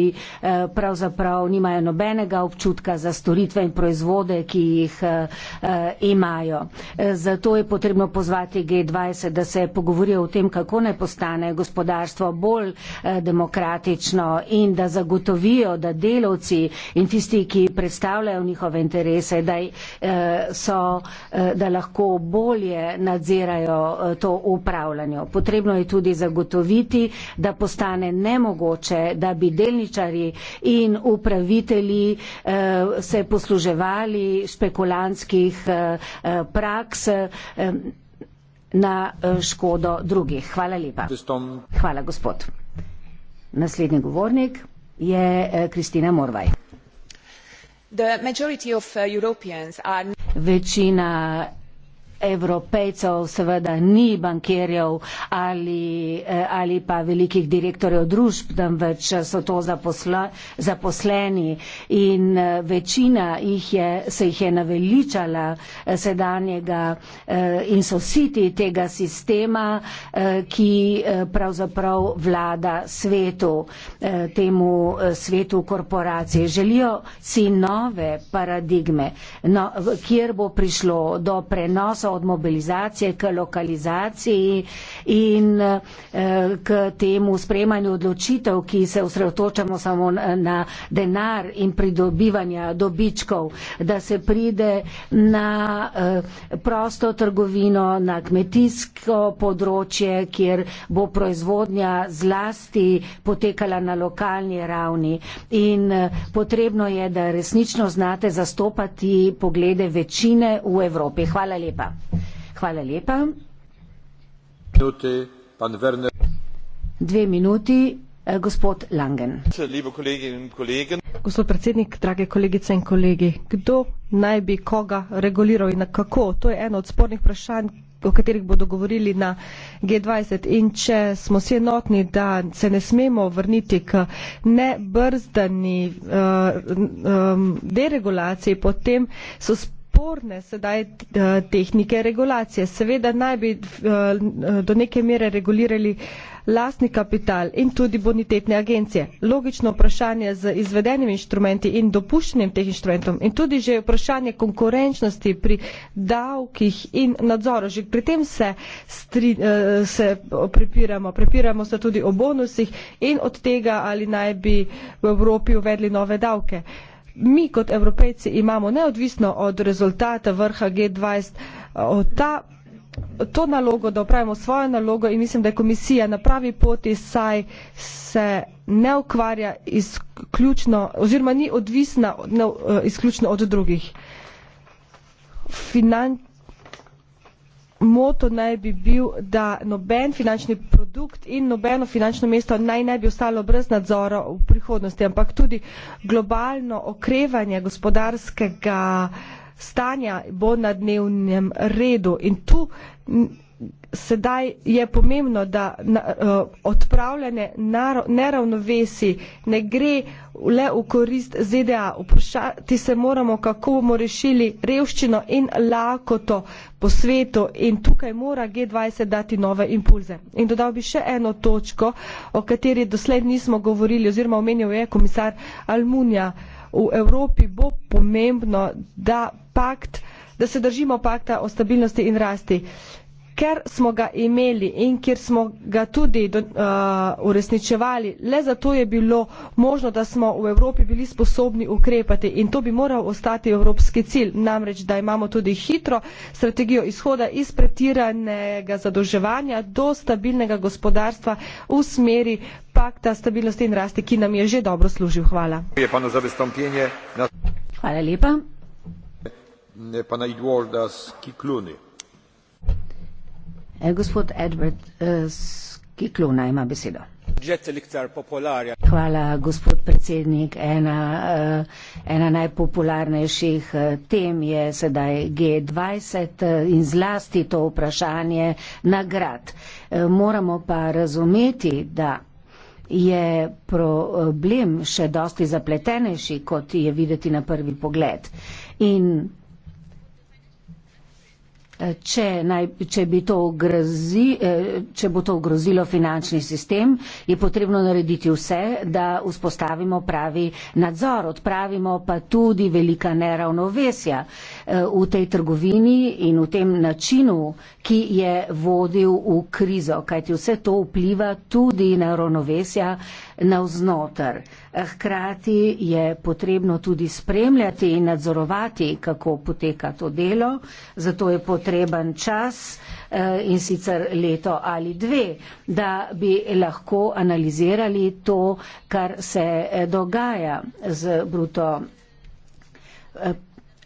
eh, pravzaprav nimajo nobenega občutka za storitve in proizvode, ki jih eh, imajo. Zato je potrebno pozvati G20, da se pogovorijo o tem, kako ne postane gospodarstvo bolj demokratično in da zagotovijo, da delovci in tisti, ki predstavljajo njihove interese, da, so, da lahko bolje nadzirajo to upravljanje. Potrebno je tudi zagotoviti, učinkoviti, da postane nemogoče, da bi delničarji in upravitelji eh, se posluževali spekulanskih eh, eh, praks eh, na eh, škodo drugih. Hvala lepa. Hvala, gospod. Naslednji govornik je eh, Kristina Morvaj. The majority of Europeans are... Večina evropejcev, seveda ni bankirjev ali, eh, ali pa velikih direktorjev družb, temveč so to zaposle, zaposleni in eh, večina jih je, se jih je naveličala eh, sedanjega in so siti tega sistema, ki pravzaprav vlada svetu, temu svetu korporacije. Želijo si nove paradigme, no, kjer bo prišlo do prenosa časa od mobilizacije k lokalizaciji in eh, k temu spremanju odločitev, ki se osredotočamo samo na denar in pridobivanja dobičkov, da se pride na eh, prosto trgovino, na kmetijsko področje, kjer bo proizvodnja zlasti potekala na lokalni ravni. In eh, potrebno je, da resnično znate zastopati poglede večine v Evropi. Hvala lepa. Hvala lepa. Dve minuti, eh, gospod Langen. Gospod predsednik, drage kolegice in kolegi, kdo naj bi koga reguliral in na kako? To je eno od spornih vprašanj, o katerih bodo govorili na G20. In če smo vsi enotni, da se ne smemo vrniti k nebrzdani uh, um, deregulaciji, potem so spornih podporne sedaj eh, tehnike regulacije. Seveda naj bi eh, do neke mere regulirali lastni kapital in tudi bonitetne agencije. Logično vprašanje z izvedenimi inštrumenti in dopuščenim teh inštrumentom in tudi že vprašanje konkurenčnosti pri davkih in nadzoru. Že pri tem se, stri, eh, se prepiramo. Prepiramo se tudi o bonusih in od tega, ali naj bi v Evropi uvedli nove davke mi kot evropejci imamo neodvisno od rezultata vrha G20 ta, to nalogo, da upravimo svojo nalogo in mislim, da je komisija na pravi poti, saj se ne ukvarja izključno oziroma ni odvisna ne, eh, izključno od drugih. Finančno moto naj bi bil, da noben finančni produkt in nobeno finančno mesto naj ne bi ostalo brez nadzora v prihodnosti, ampak tudi globalno okrevanje gospodarskega stanja bo na dnevnem redu. In tu sedaj je pomembno, da na, uh, odpravljanje neravnovesi ne gre le v korist ZDA. Vprašati se moramo, kako bomo rešili revščino in lakoto po svetu in tukaj mora G20 dati nove impulze. In dodal bi še eno točko, o kateri doslej nismo govorili oziroma omenil je komisar Almunija. V Evropi bo pomembno, da, pakt, da se držimo pakta o stabilnosti in rasti ker smo ga imeli in kjer smo ga tudi do, uh, uresničevali, le zato je bilo možno, da smo v Evropi bili sposobni ukrepati in to bi moral ostati evropski cilj, namreč, da imamo tudi hitro strategijo izhoda iz pretiranega zadolževanja do stabilnega gospodarstva v smeri pakta stabilnosti in rasti, ki nam je že dobro služil. Hvala. Hvala lepa. Ne pa najdvor, da skikluni. Eh, gospod Edward eh, Skiklona ima besedo. Hvala, gospod predsednik. Ena, eh, ena najpopularnejših tem je sedaj G20 in zlasti to vprašanje nagrad. Moramo pa razumeti, da je problem še dosti zapletenejši, kot je videti na prvi pogled. In Eh, če, naj, če, to ogrozi, eh, če bo to ogrozilo finančni sistem, je potrebno narediti vse, da vzpostavimo pravi nadzor, odpravimo pa tudi velika neravnovesja eh, v tej trgovini in v tem načinu, ki je vodil v krizo, kajti vse to vpliva tudi na ravnovesja navznoter. Hkrati je potrebno tudi spremljati in nadzorovati, kako poteka to delo, zato je potreben čas eh, in sicer leto ali dve, da bi lahko analizirali to, kar se eh, dogaja z bruto eh,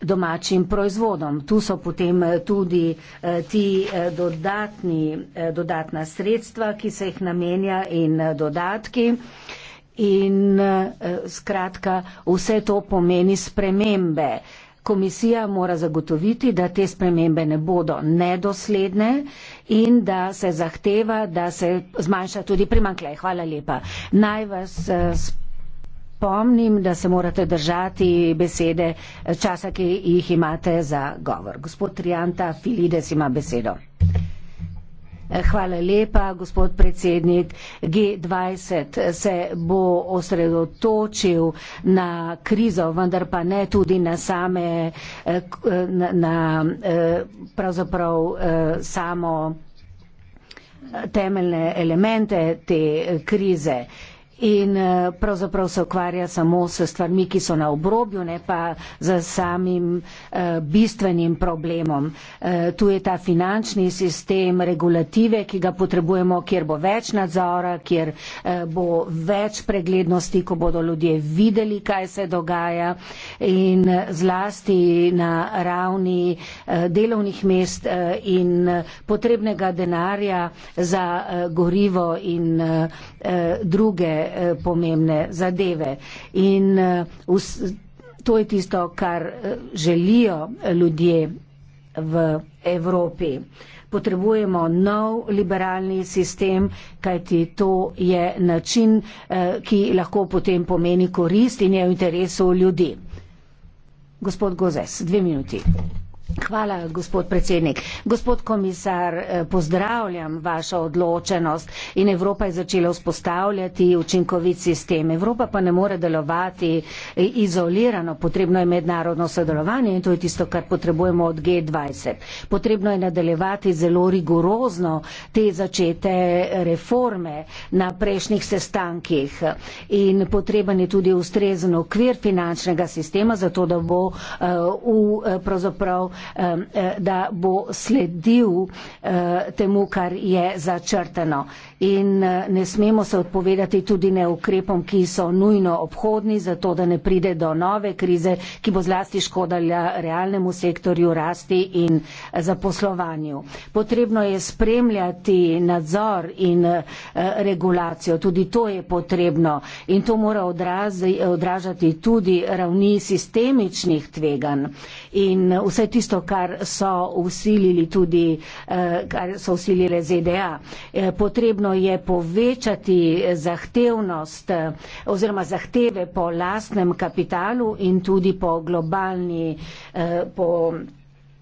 domačim proizvodom. Tu so potem eh, tudi eh, ti eh, dodatni, dodatna sredstva, ki se jih namenja in dodatki. In skratka, vse to pomeni spremembe. Komisija mora zagotoviti, da te spremembe ne bodo nedosledne in da se zahteva, da se zmanjša tudi primanklej. Hvala lepa. Naj vas spremembe pomnim, da se morate držati besede eh, časa, ki jih imate za govor. Gospod Trijanta Filides ima besedo. Eh, hvala lepa, gospod predsednik. G20 se bo osredotočil na krizo, vendar pa ne tudi na same, eh, na, pravzaprav samo temeljne elemente te krize in eh, pravzaprav se ukvarja samo s stvarmi, ki so na obrobju, ne pa z samim eh, bistvenim problemom. Eh, tu je ta finančni sistem regulative, ki ga potrebujemo, kjer bo več nadzora, kjer bo več preglednosti, ko bodo ljudje videli, kaj se dogaja in zlasti na ravni delovnih mest in potrebnega denarja za gorivo in druge Eh, pomembne zadeve. In eh, vs, to je tisto, kar eh, želijo ljudje v Evropi. Potrebujemo nov liberalni sistem, kajti to je način, ki lahko potem pomeni korist in je v interesu ljudi. Gospod Gozes, dve minuti. Hvala, gospod predsednik. Gospod komisar, eh, pozdravljam vašo odločenost in Evropa je začela vzpostavljati učinkovit sistem. Evropa pa ne more delovati eh, izolirano. Potrebno je mednarodno sodelovanje in to je tisto, kar potrebujemo od G20. Potrebno je nadaljevati zelo rigorozno te začete eh, reforme na prejšnjih sestankih in potreben je tudi ustrezen okvir finančnega sistema, zato da bo v pravzaprav Eh, eh, da bo sledil eh, temu, kar je začrteno in eh, ne smemo se odpovedati tudi ne ukrepom, ki so nujno obhodni, zato da ne pride do nove krize, ki bo zlasti škodala realnemu sektorju rasti in eh, zaposlovanju. Potrebno je spremljati nadzor in eh, regulacijo, tudi to je potrebno in to mora odražati tudi ravni sistemičnih tveganj in vse tisto, kar so usilili tudi, kar so usilile ZDA. Potrebno potrebno je povečati zahtevnost eh, oziroma zahteve po lastnem kapitalu in tudi po globalni eh, po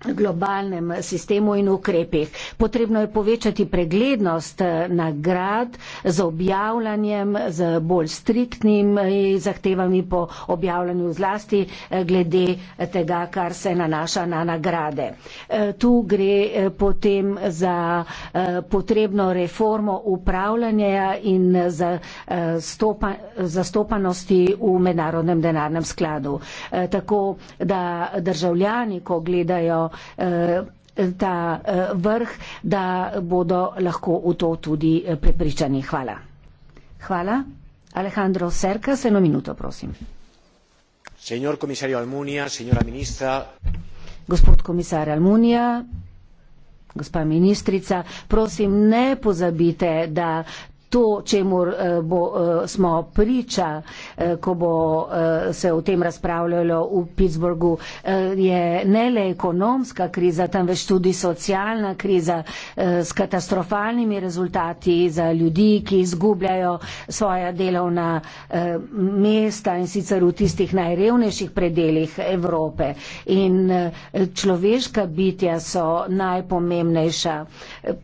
globalnem sistemu in ukrepih. Potrebno je povečati preglednost eh, nagrad z objavljanjem, z bolj striktnimi eh, zahtevami po objavljanju zlasti eh, glede tega, kar se nanaša na nagrade. Tu gre potem za potrebno reformo upravljanja in zastopanosti v mednarodnem denarnem skladu. Tako da državljani, ko gledajo Eh, ta eh, vrh, da bodo lahko v to tudi eh, prepričani. Hvala. Hvala. Alejandro Serka, se eno minuto, prosim. Almunia, ministra... Gospod komisar Almunija, gospa ministrica, prosim, ne pozabite, da to, čemu eh, eh, smo priča, eh, ko bo se o tem razpravljalo v Pittsburghu, je ne le ekonomska kriza, temveč tudi socialna kriza s katastrofalnimi rezultati za ljudi, ki izgubljajo svoja delovna mesta in sicer v tistih najrevnejših predeljih Evrope. In človeška bitja so najpomembnejša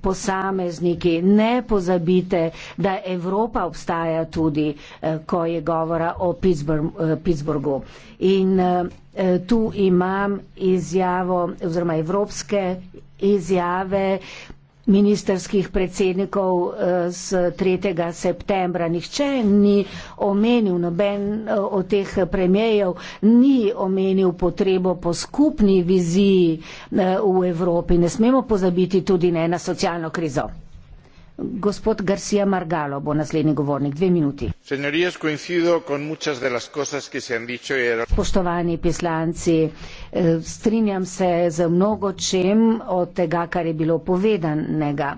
posamezniki, ne pozabite, da Evropa obstaja tudi, eh, ko je govora o eh, Pittsburghu. In eh, tu imam izjavo oziroma evropske izjave ministerskih predsednikov z 3. septembra. Nihče ni omenil, noben od teh premijev ni omenil potrebo po skupni viziji v Evropi. Ne smemo pozabiti tudi ne na socialno krizo. Gospod Garcia Margalo bo naslednji govornik. Dve minuti. Spoštovani poslanci, eh, strinjam se z mnogo čem od tega, kar je bilo povedanega.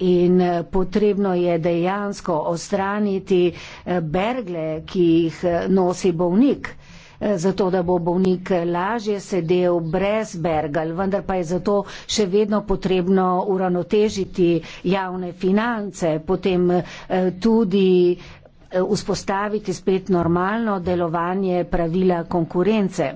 In eh, potrebno je dejansko ostraniti eh, bergle, ki jih nosi bolnik. Eh, zato da bo bovnik lažje sedel brez bergal, vendar pa je zato še vedno potrebno uravnotežiti javne finance, potem eh, tudi eh, vzpostaviti spet normalno delovanje pravila konkurence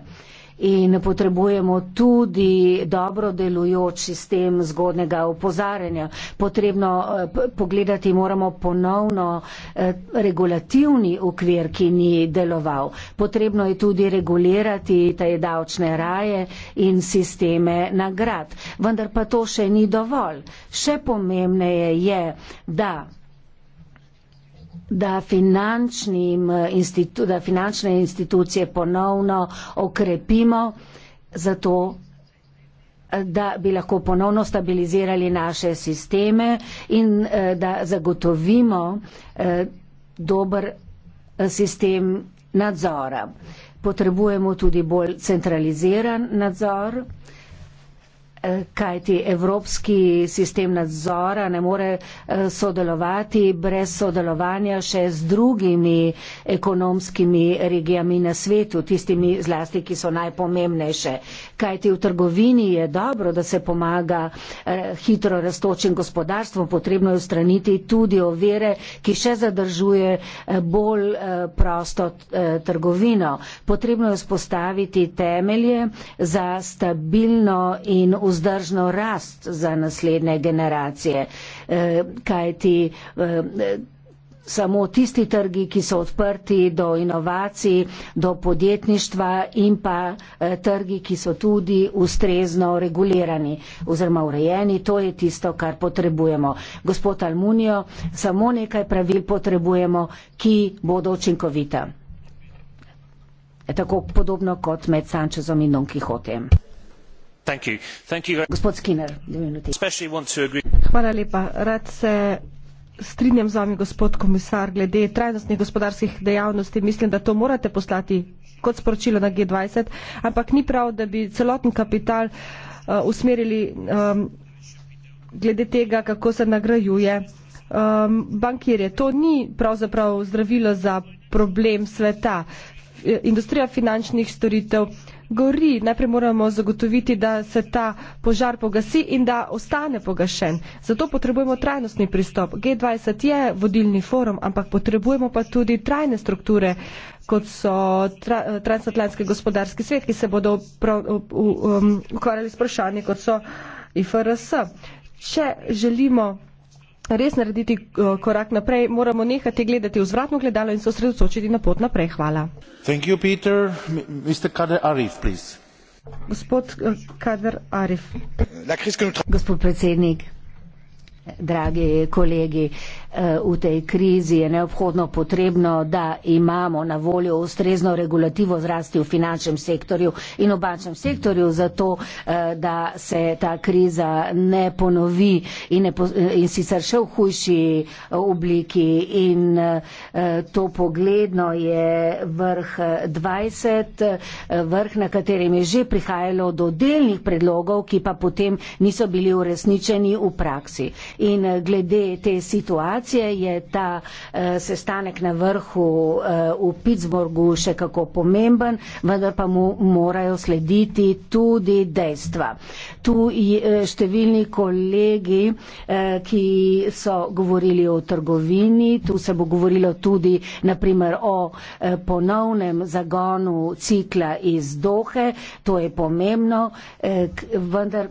in potrebujemo tudi dobro delujoč sistem zgodnega upozarjanja. Potrebno eh, pogledati moramo ponovno eh, regulativni ukvir, ki ni deloval. Potrebno je tudi regulirati te davčne raje in sisteme nagrad. Vendar pa to še ni dovolj. Še pomembneje je, da da, institu, da finančne institucije ponovno okrepimo, zato da bi lahko ponovno stabilizirali naše sisteme in da zagotovimo eh, dober eh, sistem nadzora. Potrebujemo tudi bolj centraliziran nadzor kajti evropski sistem nadzora ne more eh, sodelovati brez sodelovanja še z drugimi ekonomskimi regijami na svetu, tistimi zlasti, ki so najpomembnejše. Kajti v trgovini je dobro, da se pomaga eh, hitro raztočim gospodarstvom, potrebno je ustraniti tudi ovire, ki še zadržuje eh, bolj prosto trgovino. Potrebno je vzpostaviti temelje za stabilno in ustavljeno vzdržno rast za naslednje generacije. Eh, kajti eh, samo tisti trgi, ki so odprti do inovacij, do podjetništva in pa eh, trgi, ki so tudi ustrezno regulirani oziroma urejeni, to je tisto, kar potrebujemo. Gospod Almunijo, samo nekaj pravil potrebujemo, ki bodo učinkovita. Tako podobno kot med Sančezom in Don Kihotem rad se strinjam z vami gospod komisar glede trajnostnih gospodarskih dejavnosti mislim da to morate poslati kot sporočilo na g dvajset ampak ni prav da bi celoten kapital uh, usmerili um, glede tega kako se nagrajuje um, bankirje to ni pravzaprav zdravilo za problem sveta industrija finančnih storitev gori. Najprej moramo zagotoviti, da se ta požar pogasi in da ostane pogašen. Zato potrebujemo trajnostni pristop. G20 je vodilni forum, ampak potrebujemo pa tudi trajne strukture, kot so tra, transatlantski gospodarski svet, ki se bodo um, ukvarjali s vprašanji, kot so IFRS. Če želimo res narediti eh, korak naprej, moramo nehati gledati v zvratno gledalo in se osredotočiti na pot naprej. Hvala. You, Arif, Gospod Kader Arif. Eh, Gospod predsednik, dragi kolegi, Eh, v tej krizi je neobhodno potrebno, da imamo na voljo ustrezno regulativo zrasti v finančnem sektorju in v bančnem sektorju, zato eh, da se ta kriza ne ponovi in, ne po, eh, in sicer še v hujši obliki. In to pogledno je vrh 20, vrh, na katerem je že prihajalo do delnih predlogov, ki pa potem niso bili uresničeni v praksi. In glede te situacije, situacije je ta e, sestanek na vrhu e, v Pittsburghu še kako pomemben, vendar pa mu morajo slediti tudi dejstva. Tu eh, številni kolegi, e, ki so govorili o trgovini, tu se bo govorilo tudi naprimer o e, ponovnem zagonu cikla iz Dohe, to je pomembno, e, k, vendar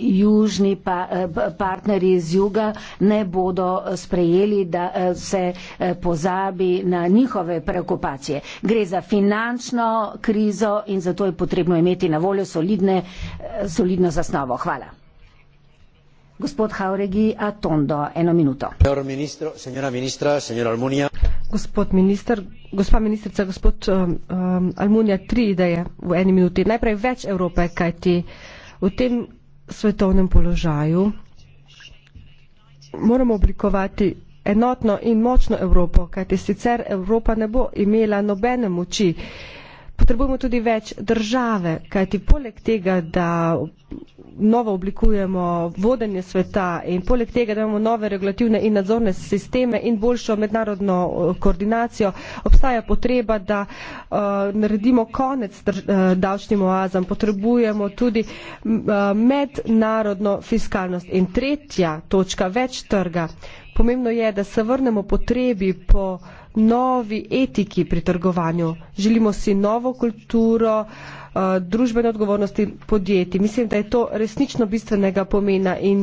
južni pa, eh, partneri z juga ne bodo sprejeli, da eh, se eh, pozabi na njihove preokupacije. Gre za finančno krizo in zato je potrebno imeti na voljo solidne, solidno zasnovo. Hvala. Gospod Hauregi Atondo, eno minuto. Gospod minister, gospa ministrica, gospod um, Almunija, tri ideje v eni minuti. Najprej več Evrope, kajti v tem svetovnem položaju, moramo oblikovati enotno in močno Evropo, kajti sicer Evropa ne bo imela nobene moči. Potrebujemo tudi več države, kajti poleg tega, da novo oblikujemo vodenje sveta in poleg tega, da imamo nove regulativne in nadzorne sisteme in boljšo mednarodno eh, koordinacijo, obstaja potreba, da uh, naredimo konec drž, uh, davčnim oazam. Potrebujemo tudi uh, mednarodno fiskalnost. In tretja točka, več trga. Pomembno je, da se vrnemo potrebi po novi etiki pri trgovanju. Želimo si novo kulturo. Uh, Eh, družbene odgovornosti podjetij. Mislim, da je to resnično bistvenega pomena in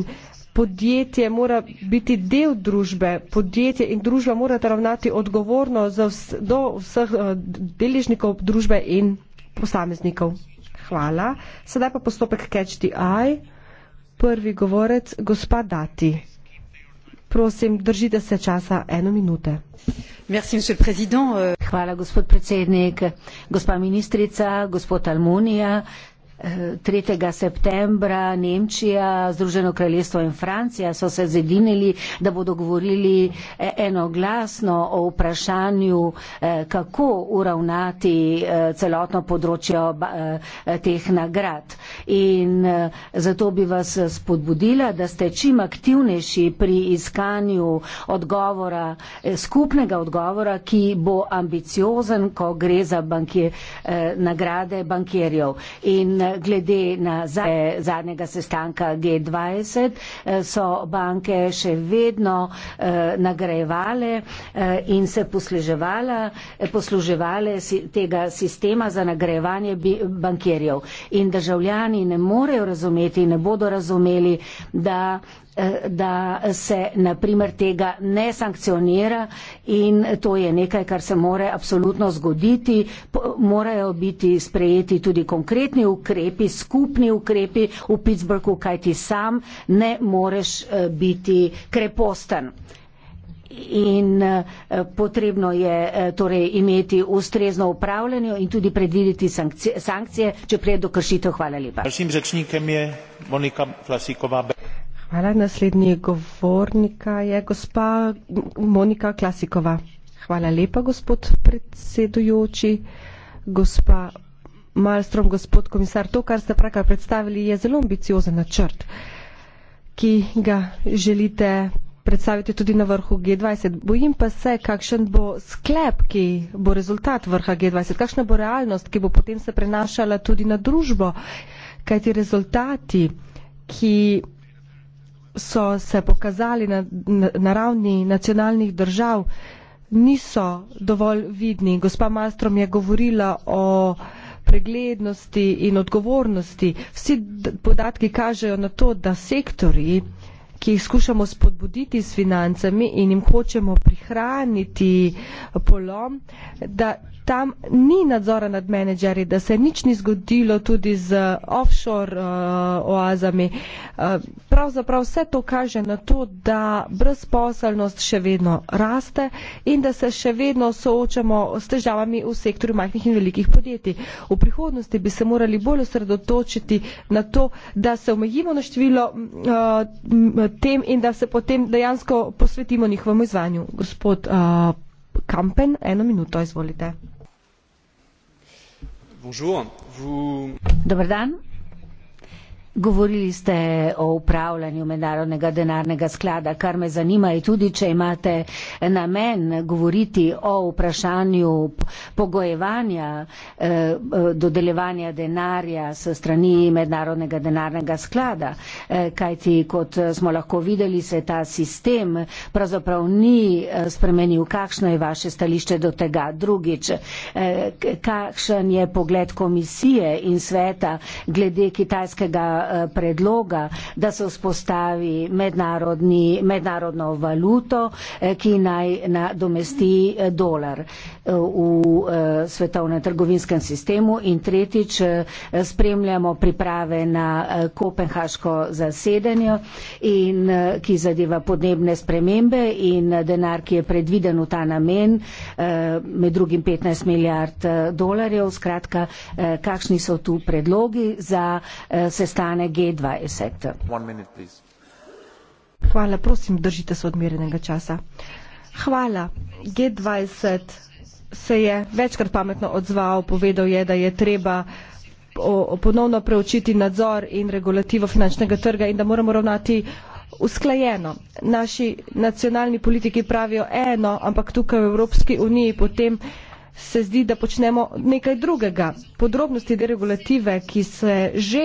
podjetje mora biti del družbe, podjetje in družba mora ravnati odgovorno vse, do vseh eh, deležnikov družbe in posameznikov. Hvala. Sedaj pa postopek Catch the Eye. Prvi govorec, gospod Dati. Prosim, držite se časa eno minute. Merci, Hvala, gospod predsednik, gospa ministrica, gospod Almunija. 3. septembra Nemčija, Združeno kraljestvo in Francija so se zedinili, da bodo govorili e, enoglasno o vprašanju, e, kako uravnati e, celotno področje teh nagrad. In zato bi vas spodbudila, da ste čim aktivnejši pri iskanju odgovora, skupnega odgovora, ki bo ambiciozen, ko gre za bankir, nagrade bankirjev. In glede na eh, zadnjega sestanka G20 eh, so banke še vedno eh, nagrajevale in se posluževale tega sistema za nagrajevanje bankirjev. In državljani ne morejo razumeti, ne bodo razumeli, da Eh, da se naprimer tega ne sankcionira in to je nekaj, kar se more apsolutno zgoditi. Morajo biti sprejeti tudi konkretni ukrepi, skupni ukrepi v Pittsburghu, kaj ti sam ne moreš eh, biti kreposten. In eh, potrebno je torej imeti ustrezno upravljanje in tudi predviditi sankcije, sankcije če prije do kršitev. Hvala lepa. Hvala. Naslednji govornika je gospa Monika Klasikova. Hvala lepa, gospod predsedujoči. Gospa Malstrom, gospod komisar, to, kar ste pravkar predstavili, je zelo ambiciozen načrt, ki ga želite predstaviti tudi na vrhu G20. Bojim pa se, kakšen bo sklep, ki bo rezultat vrha G20, kakšna bo realnost, ki bo potem se prenašala tudi na družbo, kajti rezultati, ki so se pokazali na, na, na ravni nacionalnih držav, niso dovolj vidni. Gospa Malstrom je govorila o preglednosti in odgovornosti. Vsi podatki kažejo na to, da sektori, ki jih skušamo spodbuditi s financami in jim hočemo prihraniti polom, da tam ni nadzora nad menedžerji, da se nič ni zgodilo tudi z offshore uh, oazami. Uh, pravzaprav vse to kaže na to, da brezposelnost še vedno raste in da se še vedno soočamo s težavami v sektorju majhnih in velikih podjetij. V prihodnosti bi se morali bolj osredotočiti na to, da se omejimo na število uh, tem in da se potem dejansko posvetimo njihovemu izvanju. Gospod, uh, Kampen, eno minuto, izvolite dober dan. Govorili ste o upravljanju mednarodnega denarnega sklada, kar me zanima in tudi, če imate namen govoriti o vprašanju pogojevanja eh, dodeljevanja denarja s strani mednarodnega denarnega sklada, eh, kajti kot eh, smo lahko videli, se ta sistem pravzaprav ni spremenil. Kakšno je vaše stališče do tega? Drugič, kakšen je pogled komisije in sveta glede kitajskega Eh, predloga, da se vzpostavi mednarodno valuto, eh, ki naj nadomesti eh, dolar v svetovnem trgovinskem sistemu in tretjič spremljamo priprave na kopenhaško zasedanje, ki zadeva podnebne spremembe in denar, ki je predviden v ta namen, med drugim 15 milijard dolarjev. Skratka, kakšni so tu predlogi za sestanje? strane G20. Minute, Hvala, prosim, držite se odmerenega časa. Hvala. G20 se je večkrat pametno odzval, povedal je, da je treba ponovno preučiti nadzor in regulativo finančnega trga in da moramo ravnati usklajeno. Naši nacionalni politiki pravijo eno, ampak tukaj v Evropski uniji potem se zdi, da počnemo nekaj drugega. Podrobnosti deregulative, ki se že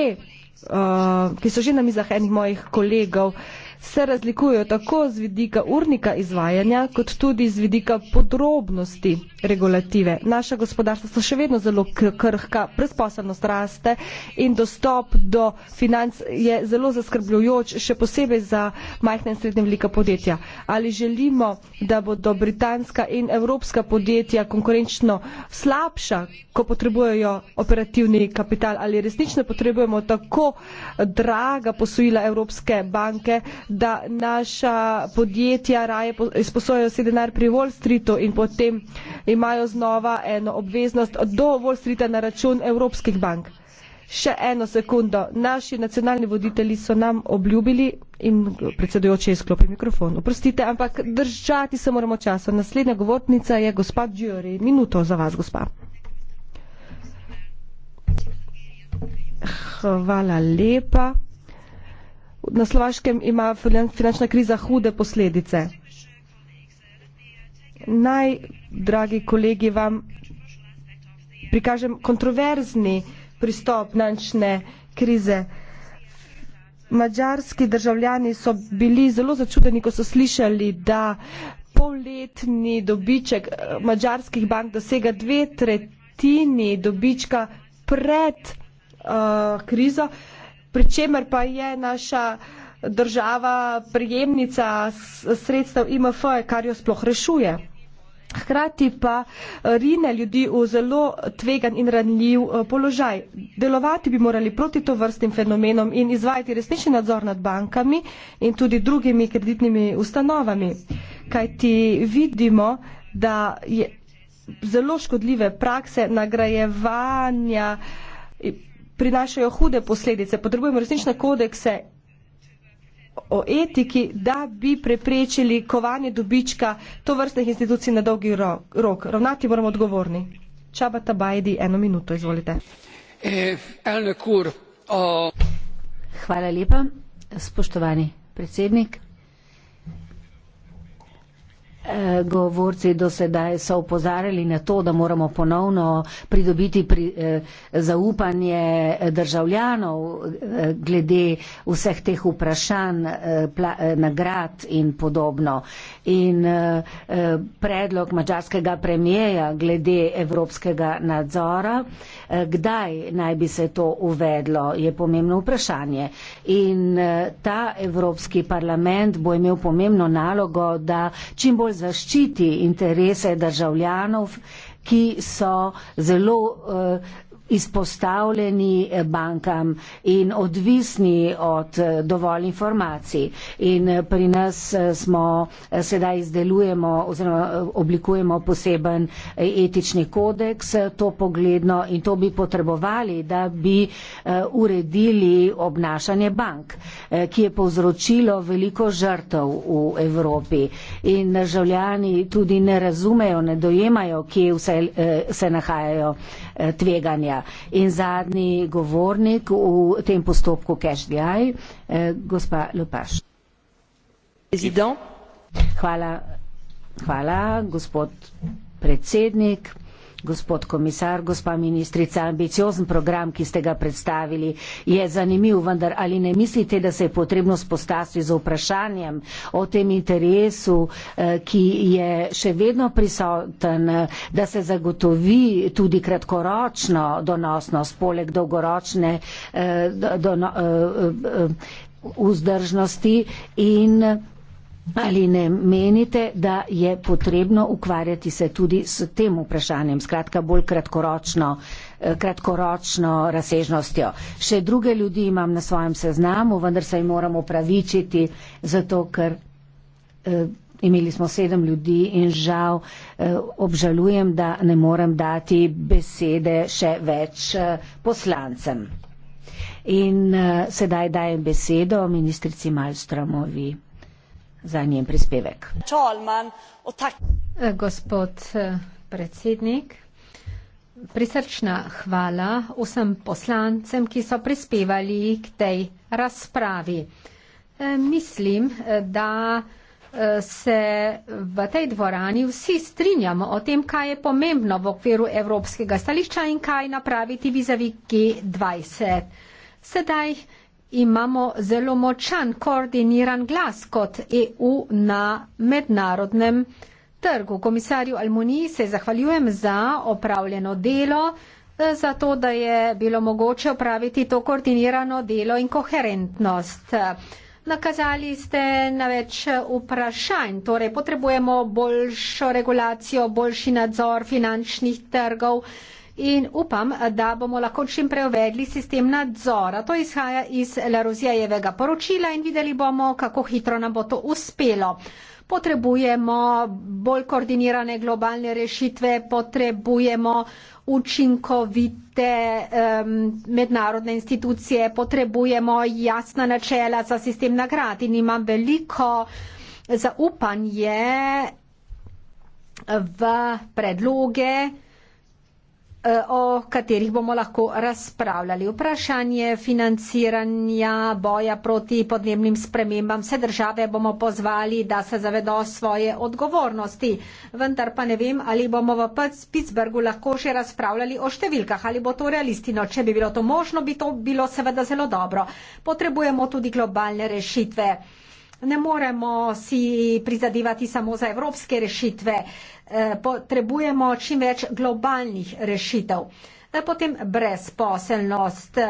uh, ki so že na mizah enih mojih kolegov, uh, se razlikujejo tako z vidika urnika izvajanja, kot tudi z vidika podrobnosti regulative. Naša gospodarstva so še vedno zelo krhka, brezposobnost raste in dostop do financ je zelo zaskrbljujoč, še posebej za majhne in srednje velika podjetja. Ali želimo, da bodo britanska in evropska podjetja konkurenčno slabša, ko potrebujejo operativni kapital, ali resnično potrebujemo tako draga posojila Evropske banke, da naša podjetja raje izposojajo vse denar pri Wall Streetu in potem imajo znova eno obveznost do Wall Streeta na račun evropskih bank. Še eno sekundo. Naši nacionalni voditelji so nam obljubili in predsedujoče izklopi mikrofon. Oprostite, ampak držati se moramo časa. Naslednja govornica je gospa Džuri. Minuto za vas, gospa. Hvala lepa na Slovaškem ima finančna kriza hude posledice. Naj, dragi kolegi, vam prikažem kontroverzni pristop finančne krize. Mađarski državljani so bili zelo začudeni, ko so slišali, da polletni dobiček eh, mađarskih bank dosega dve tretjini dobička pred uh, krizo. Uh, pri čemer pa je naša država prijemnica sredstev IMF, kar jo sploh rešuje. Hkrati pa eh, rine ljudi v zelo tvegan in ranljiv eh, položaj. Delovati bi morali proti to vrstnim fenomenom in izvajati resnični nadzor nad bankami in tudi drugimi kreditnimi ustanovami. Kaj ti vidimo, da je zelo škodljive prakse nagrajevanja prinašajo hude posledice. Potrebujemo resnične kodekse o etiki, da bi preprečili kovanje dobička to vrstnih institucij na dolgi rok. rok. Ravnati moramo odgovorni. Čabata Bajdi, eno minuto, izvolite. Eh, Hvala lepa, spoštovani predsednik. Govorci do sedaj so upozarjali na to, da moramo ponovno pridobiti pri, eh, zaupanje državljanov eh, glede vseh teh vprašanj, eh, pla, nagrad in podobno. In predlog mačarskega premijeja glede evropskega nadzora, kdaj naj bi se to uvedlo, je pomembno vprašanje. In ta Evropski parlament bo imel pomembno nalogo, da čim bolj zaščiti interese državljanov, ki so zelo uh, izpostavljeni eh, bankam in odvisni od eh, dovolj informacij. In eh, pri nas smo sedaj izdelujemo oziroma oblikujemo poseben etični kodeks, to pogledno in to bi potrebovali, da bi uredili obnašanje bank, ki je povzročilo veliko žrtev v Evropi. In državljani tudi ne razumejo, ne dojemajo, kje vse se nahajajo. Eh, tveganja. In zadnji govornik v tem postopku CashDI, eh, gospa Lopaš. Hvala, hvala, gospod predsednik gospod komisar, gospa ministrica, ambiciozen program, ki ste ga predstavili, je zanimiv, vendar ali ne mislite, da se je potrebno spostaviti z vprašanjem o tem interesu, eh, ki je še vedno prisoten, da se zagotovi tudi kratkoročno donosnost, poleg dolgoročne eh, dono, eh, vzdržnosti in Ali ne menite, da je potrebno ukvarjati se tudi s tem vprašanjem, skratka bolj kratkoročno, eh, kratkoročno razsežnostjo? Še druge ljudi imam na svojem seznamu, vendar se jim moramo pravičiti, zato ker eh, imeli smo sedem ljudi in žal eh, obžalujem, da ne morem dati besede še več eh, poslancem. In eh, sedaj dajem besedo ministrici Malstromovi za njen prispevek. Eh, gospod eh, predsednik, prisrčna hvala vsem poslancem, ki so prispevali k tej razpravi. Eh, mislim, da se v tej dvorani vsi strinjamo o tem, kaj je pomembno v okviru evropskega stališča in kaj napraviti vizavi G20. Sedaj imamo zelo močan koordiniran glas kot EU na mednarodnem trgu. Komisarju Almuniji se zahvaljujem za opravljeno delo, za to, da je bilo mogoče opraviti to koordinirano delo in koherentnost. Nakazali ste na več vprašanj, torej potrebujemo boljšo regulacijo, boljši nadzor finančnih trgov, in upam, da bomo lahko čim prej uvedli sistem nadzora. To izhaja iz Larozijajevega poročila in videli bomo, kako hitro nam bo to uspelo. Potrebujemo bolj koordinirane globalne rešitve, potrebujemo učinkovite um, mednarodne institucije, potrebujemo jasna načela za sistem nagrad in imam veliko zaupanje v predloge, Eh, o katerih bomo lahko razpravljali. Vprašanje financiranja boja proti podnebnim spremembam. Vse države bomo pozvali, da se zavedo svoje odgovornosti. Vendar pa ne vem, ali bomo v Pittsburghu lahko še razpravljali o številkah, ali bo to realistično. Če bi bilo to možno, bi to bilo seveda zelo dobro. Potrebujemo tudi globalne rešitve. Ne moremo si prizadevati samo za evropske rešitve, eh, potrebujemo čim več globalnih rešitev. E, potem brezposelnost. E,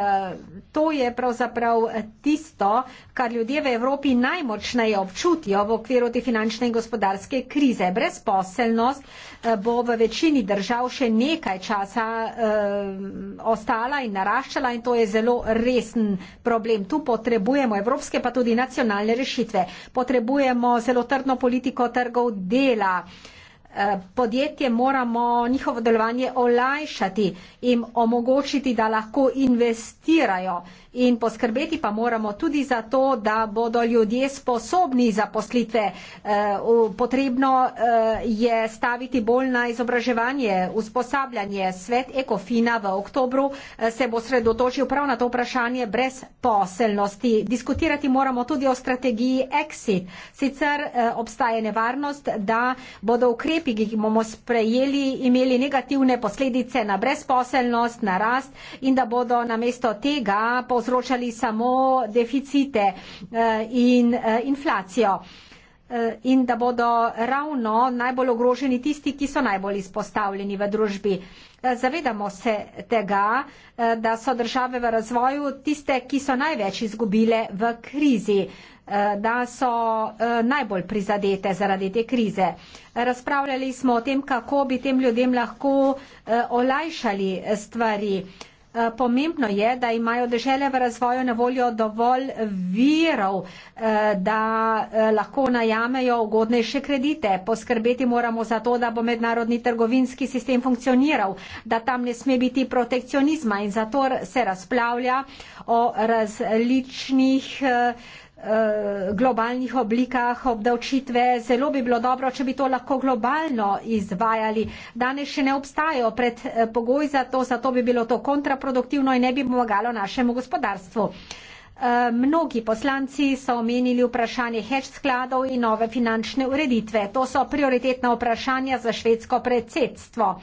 to je pravzaprav tisto, kar ljudje v Evropi najmočneje občutijo v okviru te finančne in gospodarske krize. Brezposelnost e, bo v večini držav še nekaj časa ostala in naraščala in to je zelo resen problem. Tu potrebujemo evropske pa tudi nacionalne rešitve. Potrebujemo zelo trdno politiko trgov dela podjetje moramo njihovo delovanje olajšati, jim omogočiti, da lahko investirajo in poskrbeti pa moramo tudi za to, da bodo ljudje sposobni za poslitve. Eh, potrebno eh, je staviti bolj na izobraževanje, usposabljanje. Svet Ekofina v oktobru eh, se bo sredotočil prav na to vprašanje brez poselnosti. Diskutirati moramo tudi o strategiji exit. Sicer obstaje nevarnost, da bodo ukrepi, ki jih bomo sprejeli, imeli negativne posledice na brezposelnost, na rast in da bodo namesto tega povzročili povzročali samo deficite eh, in eh, inflacijo eh, in da bodo ravno najbolj ogroženi tisti, ki so najbolj izpostavljeni v družbi. Zavedamo se tega, da so države v razvoju tiste, ki so največ izgubile v krizi, da so najbolj prizadete zaradi te krize. Razpravljali smo o tem, kako bi tem ljudem lahko olajšali stvari. Eh, pomembno je, da imajo države v razvoju na voljo dovolj virov, eh, da eh, lahko najamejo ugodnejše kredite. Poskrbeti moramo za to, da bo mednarodni trgovinski sistem funkcioniral, da tam ne sme biti protekcionizma in zato se razplavlja o različnih Eh, globalnih oblikah obdavčitve. Zelo bi bilo dobro, če bi to lahko globalno izvajali. Danes še ne obstajajo predpogoji eh, za to, zato bi bilo to kontraproduktivno in ne bi pomagalo našemu gospodarstvu. Eh, mnogi poslanci so omenili vprašanje hedge skladov in nove finančne ureditve. To so prioritetna vprašanja za švedsko predsedstvo.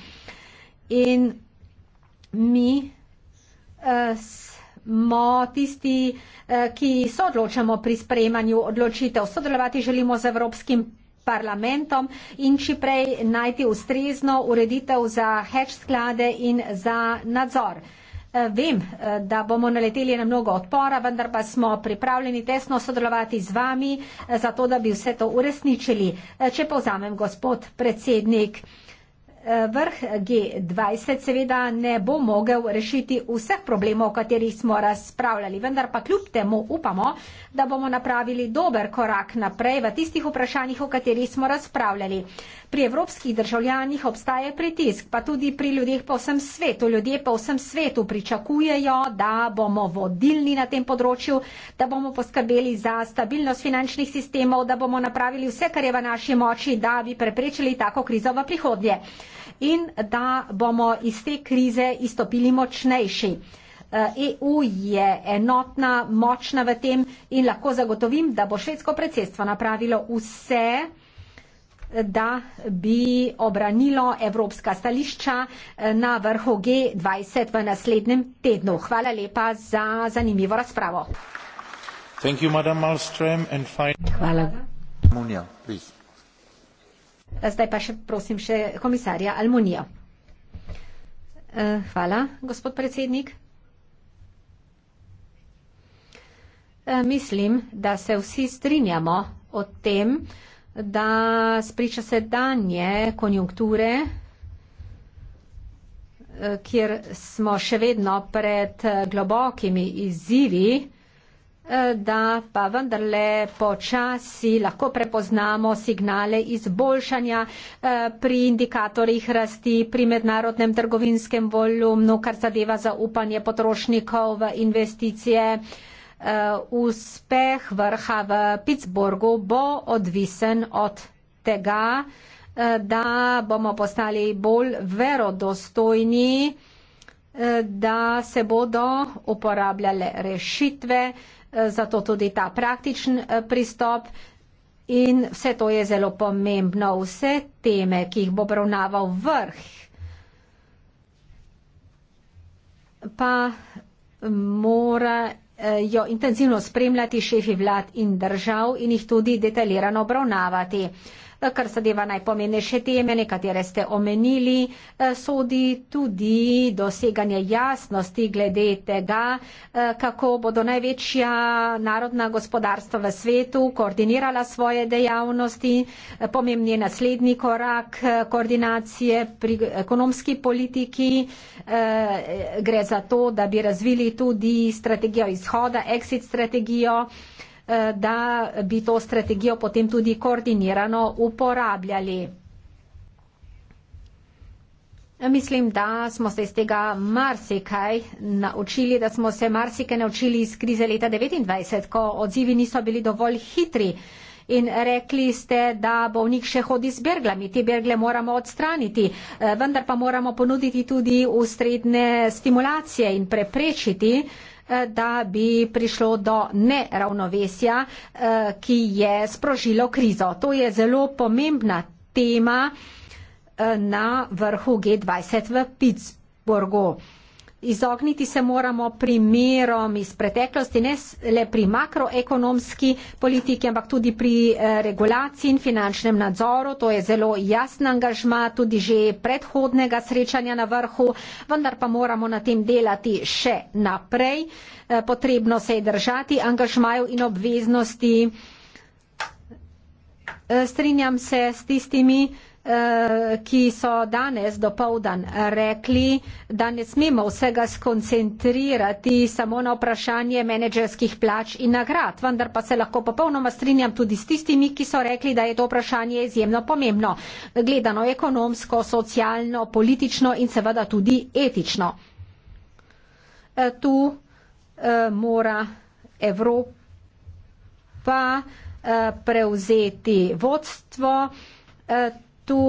In mi uh, smo tisti, eh, ki se odločamo pri sprejemanju odločitev. Sodelovati želimo z Evropskim parlamentom in čiprej najti ustrezno ureditev za hedge sklade in za nadzor. Eh, vem, eh, da bomo naleteli na mnogo odpora, vendar pa smo pripravljeni tesno sodelovati z vami, zato da bi vse to uresničili. Če povzamem, gospod predsednik, Vrh G20 seveda ne bo mogel rešiti vseh problemov, o katerih smo razpravljali, vendar pa kljub temu upamo, da bomo napravili dober korak naprej v tistih vprašanjih, o katerih smo razpravljali. Pri evropskih državljanih obstaja pritisk, pa tudi pri ljudeh po vsem svetu. Ljudje po vsem svetu pričakujejo, da bomo vodilni na tem področju, da bomo poskrbeli za stabilnost finančnih sistemov, da bomo napravili vse, kar je v naši moči, da bi preprečili tako krizo v prihodnje in da bomo iz te krize izstopili močnejši. EU eh, e je enotna, močna v tem in lahko zagotovim, da bo švedsko predsedstvo napravilo vse, da bi obranilo evropska stališča eh, na vrhu G20 v naslednjem tednu. Hvala lepa za zanimivo razpravo. You, Hvala. Almunia, Zdaj pa še prosim še komisarja Almunija. Eh, hvala, gospod predsednik. Eh, mislim, da se vsi strinjamo o tem, da spriča se danje konjunkture, eh, kjer smo še vedno pred eh, globokimi izzivi, da pa vendarle počasi lahko prepoznamo signale izboljšanja pri indikatorjih rasti, pri mednarodnem trgovinskem volumnu, kar zadeva zaupanje potrošnikov v investicije. Eh, uspeh vrha v Pittsburghu bo odvisen od tega, eh, da bomo postali bolj verodostojni, eh, da se bodo uporabljale rešitve, zato tudi ta praktičen pristop in vse to je zelo pomembno. Vse teme, ki jih bo obravnaval vrh, pa mora Eh, jo intenzivno spremljati šefi vlad in držav in jih tudi detaljirano obravnavati kar zadeva najpomenejše teme, nekatere ste omenili, eh, sodi tudi doseganje jasnosti glede tega, eh, kako bodo največja narodna gospodarstva v svetu koordinirala svoje dejavnosti. Eh, pomembni je naslednji korak koordinacije pri ekonomski politiki. Gre za to, da bi razvili tudi strategijo izhoda, exit strategijo. Eh, da bi to strategijo potem tudi koordinirano uporabljali. Mislim, da smo se iz tega marsikaj naučili, da smo se marsikaj naučili iz krize leta 29, ko odzivi niso bili dovolj hitri. In rekli ste, da bolnik še hodi z berglami. Te bergle moramo odstraniti, eh, vendar pa moramo ponuditi tudi ustredne stimulacije in preprečiti, da bi prišlo do neravnovesja, eh, ki je sprožilo krizo. To je zelo pomembna tema eh, na vrhu G20 v Pittsburghu. Izogniti se moramo primerom iz preteklosti, ne le pri makroekonomski politiki, ampak tudi pri eh, regulaciji in finančnem nadzoru. To je zelo jasna angažma tudi že predhodnega srečanja na vrhu, vendar pa moramo na tem delati še naprej. Eh, potrebno se je držati angažmajev in obveznosti. Eh, strinjam se s tistimi, Eh, ki so danes do povdan rekli, da ne smemo vsega skoncentrirati samo na vprašanje menedžerskih plač in nagrad. Vendar pa se lahko popolnoma strinjam tudi s tistimi, ki so rekli, da je to vprašanje izjemno pomembno, gledano ekonomsko, socialno, politično in seveda tudi etično. Eh, tu eh, mora Evropa prevzeti vodstvo tu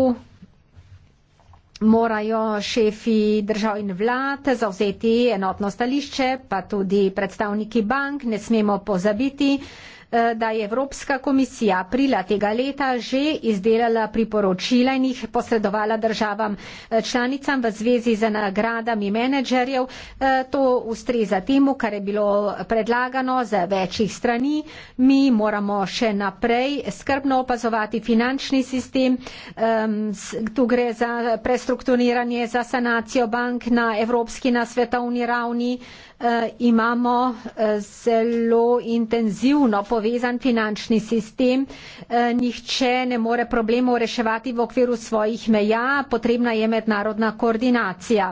morajo šefi držav in vlad zauzeti enotno stališče, pa tudi predstavniki bank, ne smemo pozabiti, Eh, da je Evropska komisija aprila tega leta že izdelala priporočila in jih posredovala državam eh, članicam v zvezi z nagradami menedžerjev. Eh, to ustreza temu, kar je bilo predlagano z večjih strani. Mi moramo še naprej skrbno opazovati finančni sistem. Tu gre za prestrukturiranje, za sanacijo bank na evropski, na svetovni ravni. Eh, imamo eh, zelo intenzivno povezan finančni sistem. Eh, nihče ne more problemov reševati v okviru svojih meja, potrebna je mednarodna koordinacija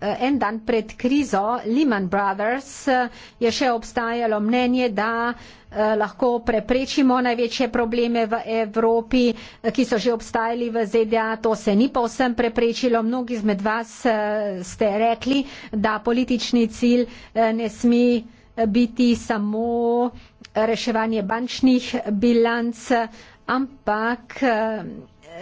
en dan pred krizo Lehman Brothers eh, je še obstajalo mnenje, da eh, lahko preprečimo največje probleme v Evropi, eh, ki so že obstajali v ZDA. To se ni povsem preprečilo. Mnogi izmed vas ste rekli, da politični cilj ne smi biti samo reševanje bančnih bilanc, ampak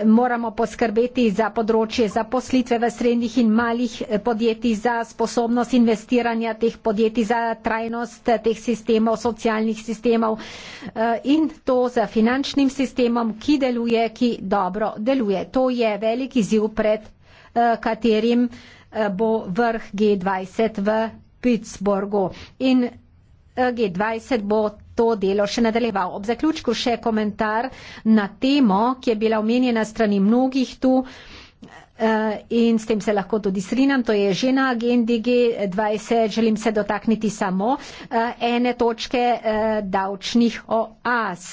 moramo poskrbeti za področje zaposlitve v srednjih in malih eh, podjetij, za sposobnost investiranja teh podjetij, za trajnost eh, teh sistemov, socialnih sistemov eh, in to za finančnim sistemom, ki deluje, ki dobro deluje. To je velik izziv, pred katerim bo vrh G20 v Pittsburghu. In G20 bo to delo še nadaljeval. Ob zaključku še komentar na temo, ki je bila omenjena strani mnogih tu eh, in s tem se lahko tudi strinjam, to je že na agendi G20. Želim se dotakniti samo eh, ene točke eh, davčnih oas.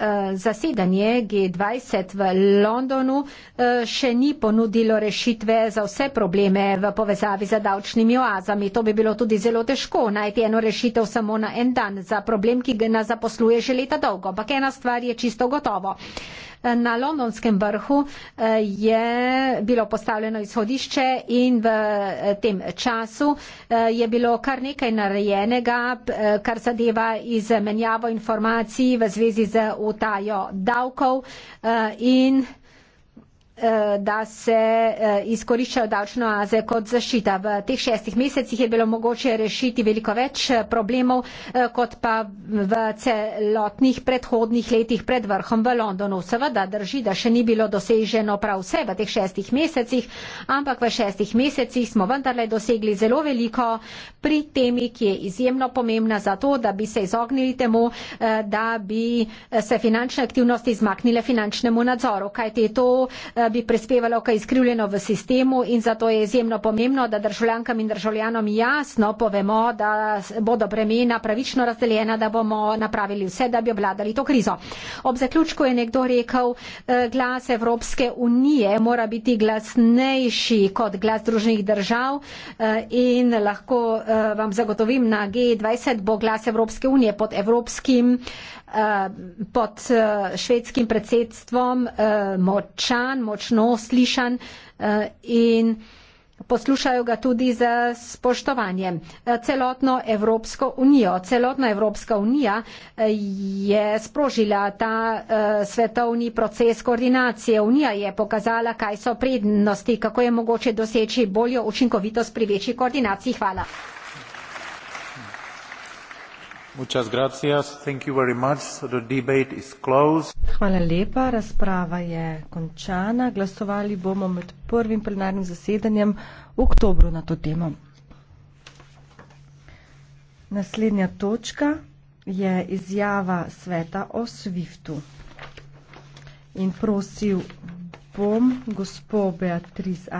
Eh, zasedanje G20 v Londonu eh, še ni ponudilo rešitve za vse probleme v povezavi z davčnimi oazami. To bi bilo tudi zelo težko najti eno rešitev samo na en dan za problem, ki ga nas zaposluje že leta dolgo. Ampak ena stvar je čisto gotovo na londonskem vrhu eh, je bilo postavljeno izhodišče in v eh, tem času eh, je bilo kar nekaj narejenega, kar zadeva izmenjavo informacij v zvezi z utajo davkov in Eh, da se eh, izkoriščajo davčno aze kot zašita. V teh šestih mesecih je bilo mogoče rešiti veliko več eh, problemov, kot pa v celotnih predhodnih letih pred vrhom v Londonu. Seveda drži, da še ni bilo doseženo prav vse v teh šestih mesecih, ampak v šestih mesecih smo vendarle dosegli zelo veliko pri temi, ki je izjemno pomembna za to, da bi se izognili temu, da bi se finančne aktivnosti izmaknile finančnemu nadzoru bi prispevalo k izkrivljeno v sistemu in zato je izjemno pomembno, da državljankam in državljanom jasno povemo, da bodo bremena pravično razdeljena, da bomo napravili vse, da bi obladali to krizo. Ob zaključku je nekdo rekel, eh, glas Evropske unije mora biti glasnejši kot glas družnih držav eh, in lahko eh, vam zagotovim, na G20 bo glas Evropske unije pod evropskim Eh, pod eh, švedskim predsedstvom eh, močan, močno slišan in poslušajo ga tudi z spoštovanjem. Celotno Evropsko unijo, celotna Evropska unija je sprožila ta svetovni proces koordinacije. Unija je pokazala, kaj so prednosti, kako je mogoče doseči boljo učinkovitost pri večji koordinaciji. Hvala. Hvala lepa, razprava je končana. Glasovali bomo med prvim plenarnim zasedanjem v oktobru na to temo. Naslednja točka je izjava sveta o SWIFT-u. In prosil bom gospo Beatriz A.